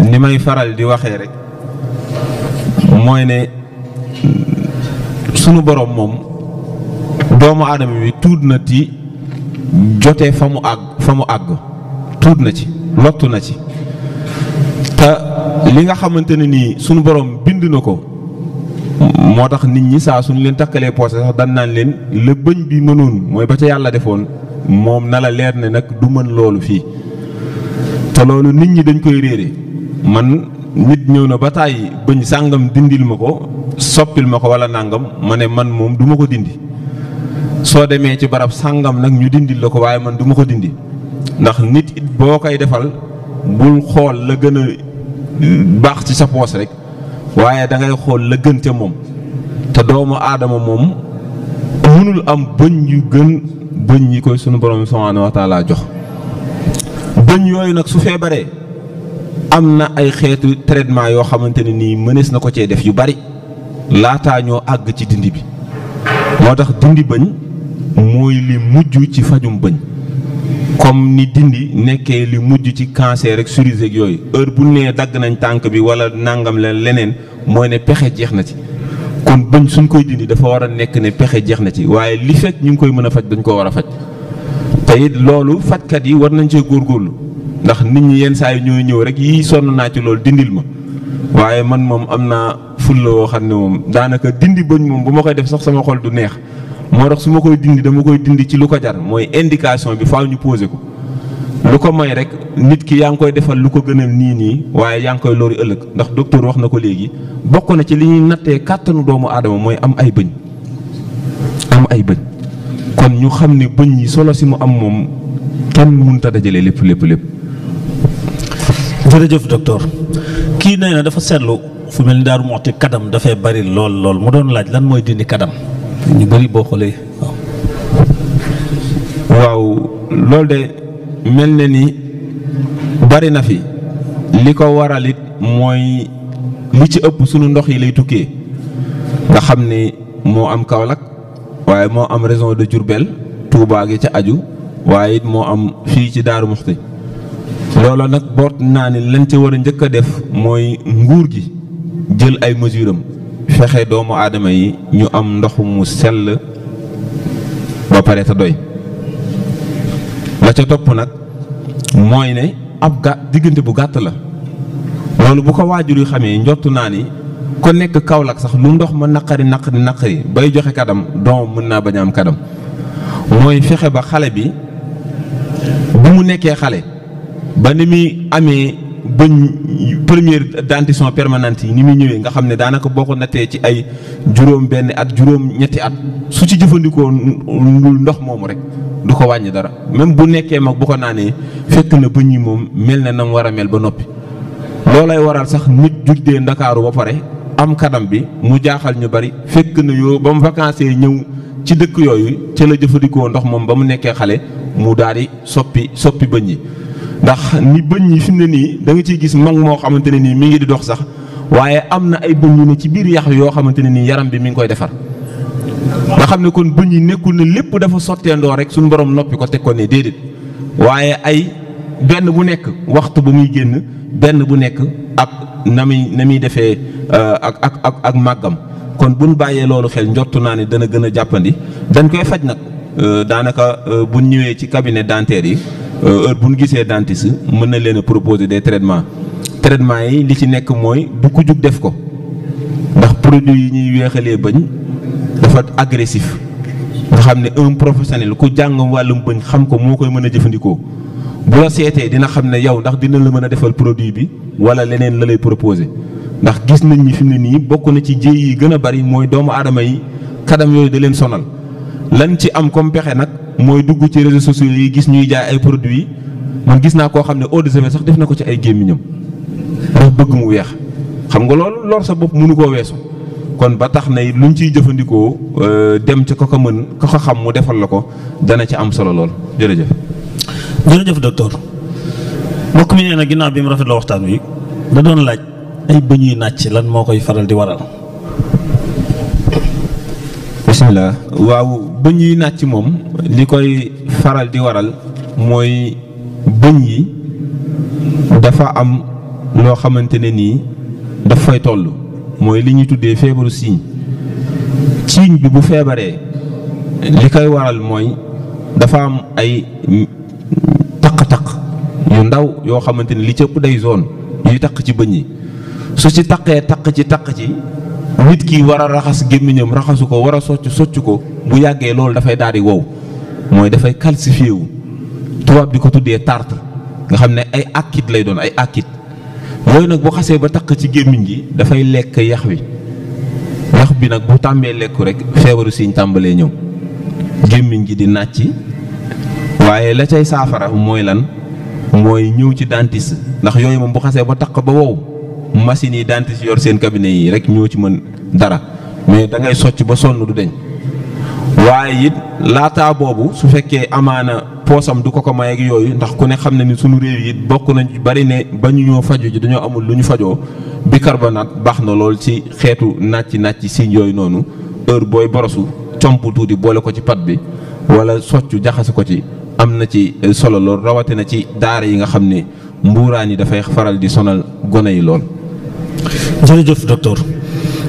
ni may faral di waxee rek mooy ne. sunu borom moom doomu aadama bi tuut na ci jotee fa mu àgg fa mu àgg tuut na ci lottu na ci te li nga xamante ne nii sunu borom bind na ko moo tax nit ñi saa suñu leen takkalee poosé sax dan naan leen la bëñ bi mënoon mooy ba ca yàlla defoon moom na la leer ne nag du mën loolu fii te loolu nit ñi dañ koy réere man nit ñëw na ba tàyyi bëñ sàngam dindil ma ko soppil ma ko wala nangam ma ne man moom du ma ko dindi soo demee ci barab sàngam nag ñu dindi la ko waaye man du ma ko dindi ndax nit it boo koy defal bul xool la gën a euh, baax ci sa poos rek waaye dangay xool la gën ca moom te doomu aadama moom mënul am bëñ yu gën bëñ yi koy sunu borom subhaanahu wa laa jox bëñ yooyu nag su feebaree am na ay xeetu traitement yoo xamante ne nii mënees na ko cee def yu bari laataa ñoo àgg ci dindi bi moo tax dindi bëñ mooy li mujj ci fajum bëñ comme ni dindi nekkee li mujj ci cancer rek cirrhose yooyu heure bu nee dagg nañ tànk bi wala nangam leen leneen mooy ne pexe jeex na ci kon bëñ suñ koy dindi dafa war a nekk ne pexe jeex na ci waaye li fekk ñu ngi koy mën a faj dañ ko war a faj te it loolu fajkat yi war nañ cee góorlu ndax nit ñi yenn saa yi ñooy ñëw rek yii sonn naa ci loolu dindil ma waaye man moom am naa ful la woo xam ne moom daanaka dindi bëñ moom bu ma koy def sax sama xol du neex moo tax su ma koy dindi dama koy dindi ci lu ko jar mooy indication bi faaw ñu posé ko lu ko may rek nit ki yaa ngi koy defal lu ko gënal nii nii waaye yaa ngi koy loru ëllëg ndax docteur wax na ko léegi bokk na ci li ñuy nattee kàttanu doomu aadama mooy am ay bëñ am ay bëñ kon ñu xam ne bëñ yi solo si mu am moom kenn mënta dajale lépp lépp lépp. jërëjëf kii nee na dafa seetlu. fu mel ni Daaru Muxti kadam dafay bari lool lool mu doon laaj lan mooy dindi kadam ñu bari boo xoolee waaw loolu de mel na ni bari na fi li ko waralit mooy li ci ëpp sunu ndox yi lay tukkee nga xam ni moo am Kaolack waaye moo am région de jurbel Touba gi ca aju waaye it moo am fii ci Daaru Muxti looloo nag boot naa ni lañ ca war a njëkk a def mooy nguur gi jël ay mesure am fexe doomu aadama yi ñu am ndox mu sell ba pare sa doy la ca topp nag mooy ne ab gà diggante bu gàtt la loolu bu ko waajur yu xamee njott naa ni ko nekk Kaolack sax lu ndox ma naqari naqari naqari bay joxe kadam doom mën naa bañ am kadam mooy fexe ba xale bi bu mu nekkee xale ba ni muy amee bëñ première dentition permanente yi ni muy ñëwee nga xam ne daanaka boo ko nattee ci ay juróom benn at juróom ñetti at su ci jëfandikoo ndox moomu rek du ko wàññi dara même bu nekkee mag bu ko naanee fekk na bëñ yi moom mel na nam war a mel ba noppi loolay waral sax nit juddee ndakaaru ba pare am kanam bi mu jaaxal ñu bari fekk na yoo ba mu vacances ñëw ci dëkk yooyu ca la jëfandikoo ndox moom ba mu nekkee xale mu daal di soppi soppi bëñ yi ndax ni bëñ yi fi mu ne nii da nga ciy gis mag moo xamante ne nii mi ngi di dox sax waaye am na ay bëñ yu ne ci biir yax yoo xamante ne nii yaram bi mu ngi koy defar nga xam ne kon bëñ yi nekkul ne lépp dafa sotteendoo rek suñu borom noppi ko teg ko ne déedéet waaye ay benn bu nekk waxtu bu muy génn benn bu nekk ak na muy na muy defee euh, ak ak ak ak màggam kon buñ bàyyee loolu xel njottu naa ne dana gën a jàppandi dañ koy faj nag Euh, daanaka euh, bu ñëwee ci cabinet dentaire yi euh, heure bu ñu gisee dentiste mën na leen proposé proposer des traitements traitements yi li ci nekk mooy bu ku jug def ko ndax produit yi ñuy weexalee bëñ dafa agressif nga xam ne un professionnel ku jàng wàllum bëñ xam ko moo koy mën a jëfandikoo bu la seetee dina xam ne yow ndax dina la mën a defal produit bi wala leneen la lay proposer ndax gis nañ ñi fi mu ne nii bokk na ci jéey yi gën a bari mooy doomu aadama yi kadam yooyu da leen sonal. lan ci am comme pexe nag mooy dugg ci réseaux sociaux yi gis ñuy jaay ay produit man gis naa koo xam ne eau de javel sax def na ko ci ay gémmiñam ndax bëgg mu weex xam nga lool lor sa bopp mënu koo weesu kon ba tax na luñ ciy jëfandikoo euh, dem ci ko ko mën ko ko xam mu defal la ko dana ci am solo lool jërëjëf. jërëjëf docteur mbokk mi nee na ginnaaw bi mu rafet la waxtaan wi da doon laaj ay bëñ yuy nàcc lan moo koy faral di waral. macha waaw bëñ yi ci moom li koy faral di waral mooy bëñ yi dafa am loo xamante ne nii daf fay toll mooy li ñuy tuddee feebaru siiñ siiñ bi bu feebaree li koy waral mooy dafa am ay taq-taq yu ndaw yoo xamante ne li cëpp day zone yuy taq ci bëñ yi su ci taqee taq ci taq ci nit ki war a raxas gémmiñam raxasu ko war a socc socc ko bu yàggee loolu dafay daal di wow mooy dafay calcifié wu tubaab di ko tuddee tartre nga xam ne ay akit lay doon ay akit yooyu nag bu xasee ba taq ci gémmiñ gi dafay lekk yax wi yax bi nag bu tàmbee lekku rek feebaru siñ tàmbalee ñëw gémmiñ gi di nàcc waaye la cay saafara mooy lan mooy ñëw ci dentiste ndax yooyu moom bu xasee ba takk ba wow machines yi dentiste yor seen cabinet yi rek ñoo ci mën dara mais da ngay socc ba sonn du deñ waaye it laataa boobu su fekkee amaana poosam du ko ko may ak yooyu ndax ku ne xam na ni sunu réew yi bokk nañ bari ne ba ñu ñoo faju ji dañoo amul lu ñu fajoo bicarbonate baax na lool ci xeetu nàcc ci siiñ yooyu noonu heure booy borosu comp tuuti boole ko ci pat bi wala soccu jaxase ko ci am na ci solo lool rawatina ci daara yi nga xam ne mbuuraan yi dafay faral di sonal gone yi lool jërëjëf docteur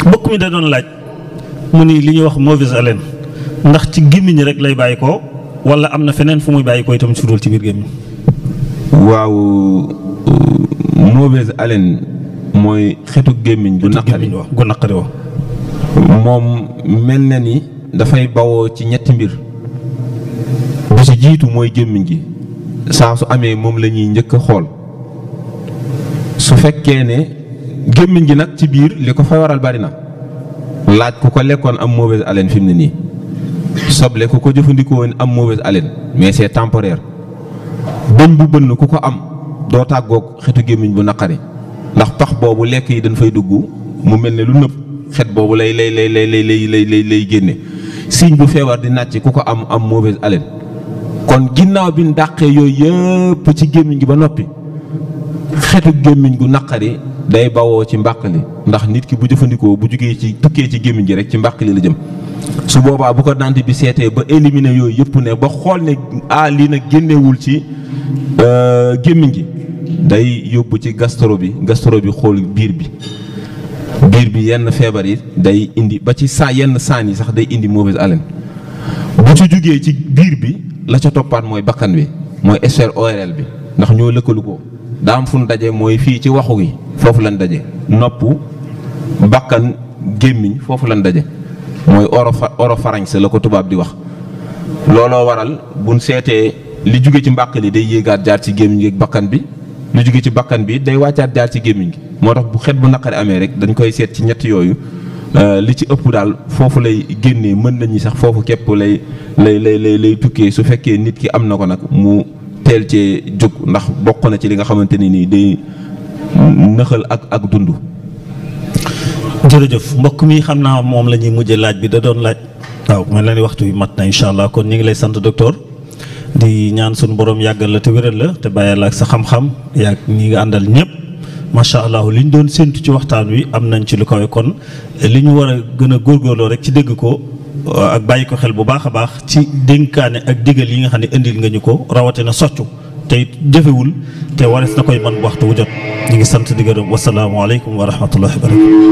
mbokk mi da doon laaj mu ni li ñuy wax mauvaise haleine ndax ci gémmiñ rek lay bàyyi ko wala am na feneen fu muy bàyyi ko itam su dul ci biir gémmiñ waaw euh, mauvaise haleine mooy xetu gémmiñ gu naqari gu naqari wa moom mel na ni dafay bawoo ci ñetti mbir bu ci jiitu mooy gémmiñ gi saa su amee moom lañuy njëkk a xool su fekkee ne gémmiñ gi nag ci biir li ko fa waral bari na laaj ku ko lekkoon am mauvaise haleine fi mu ne nii soble ku ko jëfandikoo woon am mauvaise haleine mais c'est temporaire bëñ bu bënn ku ko am doo tàggoog xetu gémmiñ bu naqari ndax pax boobu lekk yi dañ fay dugg mu mel ne lu nëb xet boobu lay lay lay lay lay génne signe bu feebar di nàcc ku ko am am mauvaise haleine kon ginnaaw bi ñu dàqee yooyu yëpp ci gémmiñ gi ba noppi xetu gémmiñ gu naqari day bawoo ci mbàq li ndax nit ki bu jëfandikoo bu jugee ci tukkee ci gémmiñ gi rek ci mbàq li la jëm su boobaa bu ko dant bi seetee ba éliminer yooyu yëpp ne ba xool ne ah lii nag génnewul ci euh, gémmiñ gi day yóbbu ci gastoro bi gastoro bi xool biir bi biir bi yenn feebar yi day indi ba ci saa yenn saan yi sax day indi mauvaise haleine bu ci jugee ci biir bi la ca toppaat mooy bakkan bi mooy sphère ORL bi ndax ñoo lëkkalu ko daam fu nu mooy fii ci waxu gi foofu lañ daje noppu bakkan gémmiñ foofu lañ daje mooy oro oro farañse la ko tubaab di wax looloo waral buñ seetee li jóge ci mbàq li day yéegaat jaar ci gémmiñ gi ak bakkan bi lu jóge ci bàkkan bi day wàccaat jaar ci gémmiñ gi moo tax bu xet bu naqari amee rek dañ koy seet ci ñett yooyu euh, li ci ëpp daal foofu lay génnee mën nañu sax foofu képp lay lay lay lay tukkee su fekkee nit ki am na ko nag mu teel cee jóg ndax bokk na ci li nga xamante ni nii day nëxal ak dund. jërëjëf mbokk mi xam naa moom la ñuy mujjee laaj bi da doon laaj. waaw man la waxtu wi mat na incha allah kon ñu ngi lay sant docteur di ñaan suñu borom yàggal la te wéral la te bàyyal la ak sa xam-xam yàgg ñi àndal ñëpp macha allah li ñu doon séntu ci waxtaan wi am nañ ci lu kawe kon li ñu war a gën a góorgóorloo rek ci dégg ko. Euh, ak bàyyi ko xel bu baax a baax ci dénkaane ak digal yi nga xam ne indil nga ñu ko rawatina soccu tey jëfewul te warees na koy man waxtu wu jot ñu ngi sant di gërëm wasalaamualeykum wa rahmatullahi wa barakatu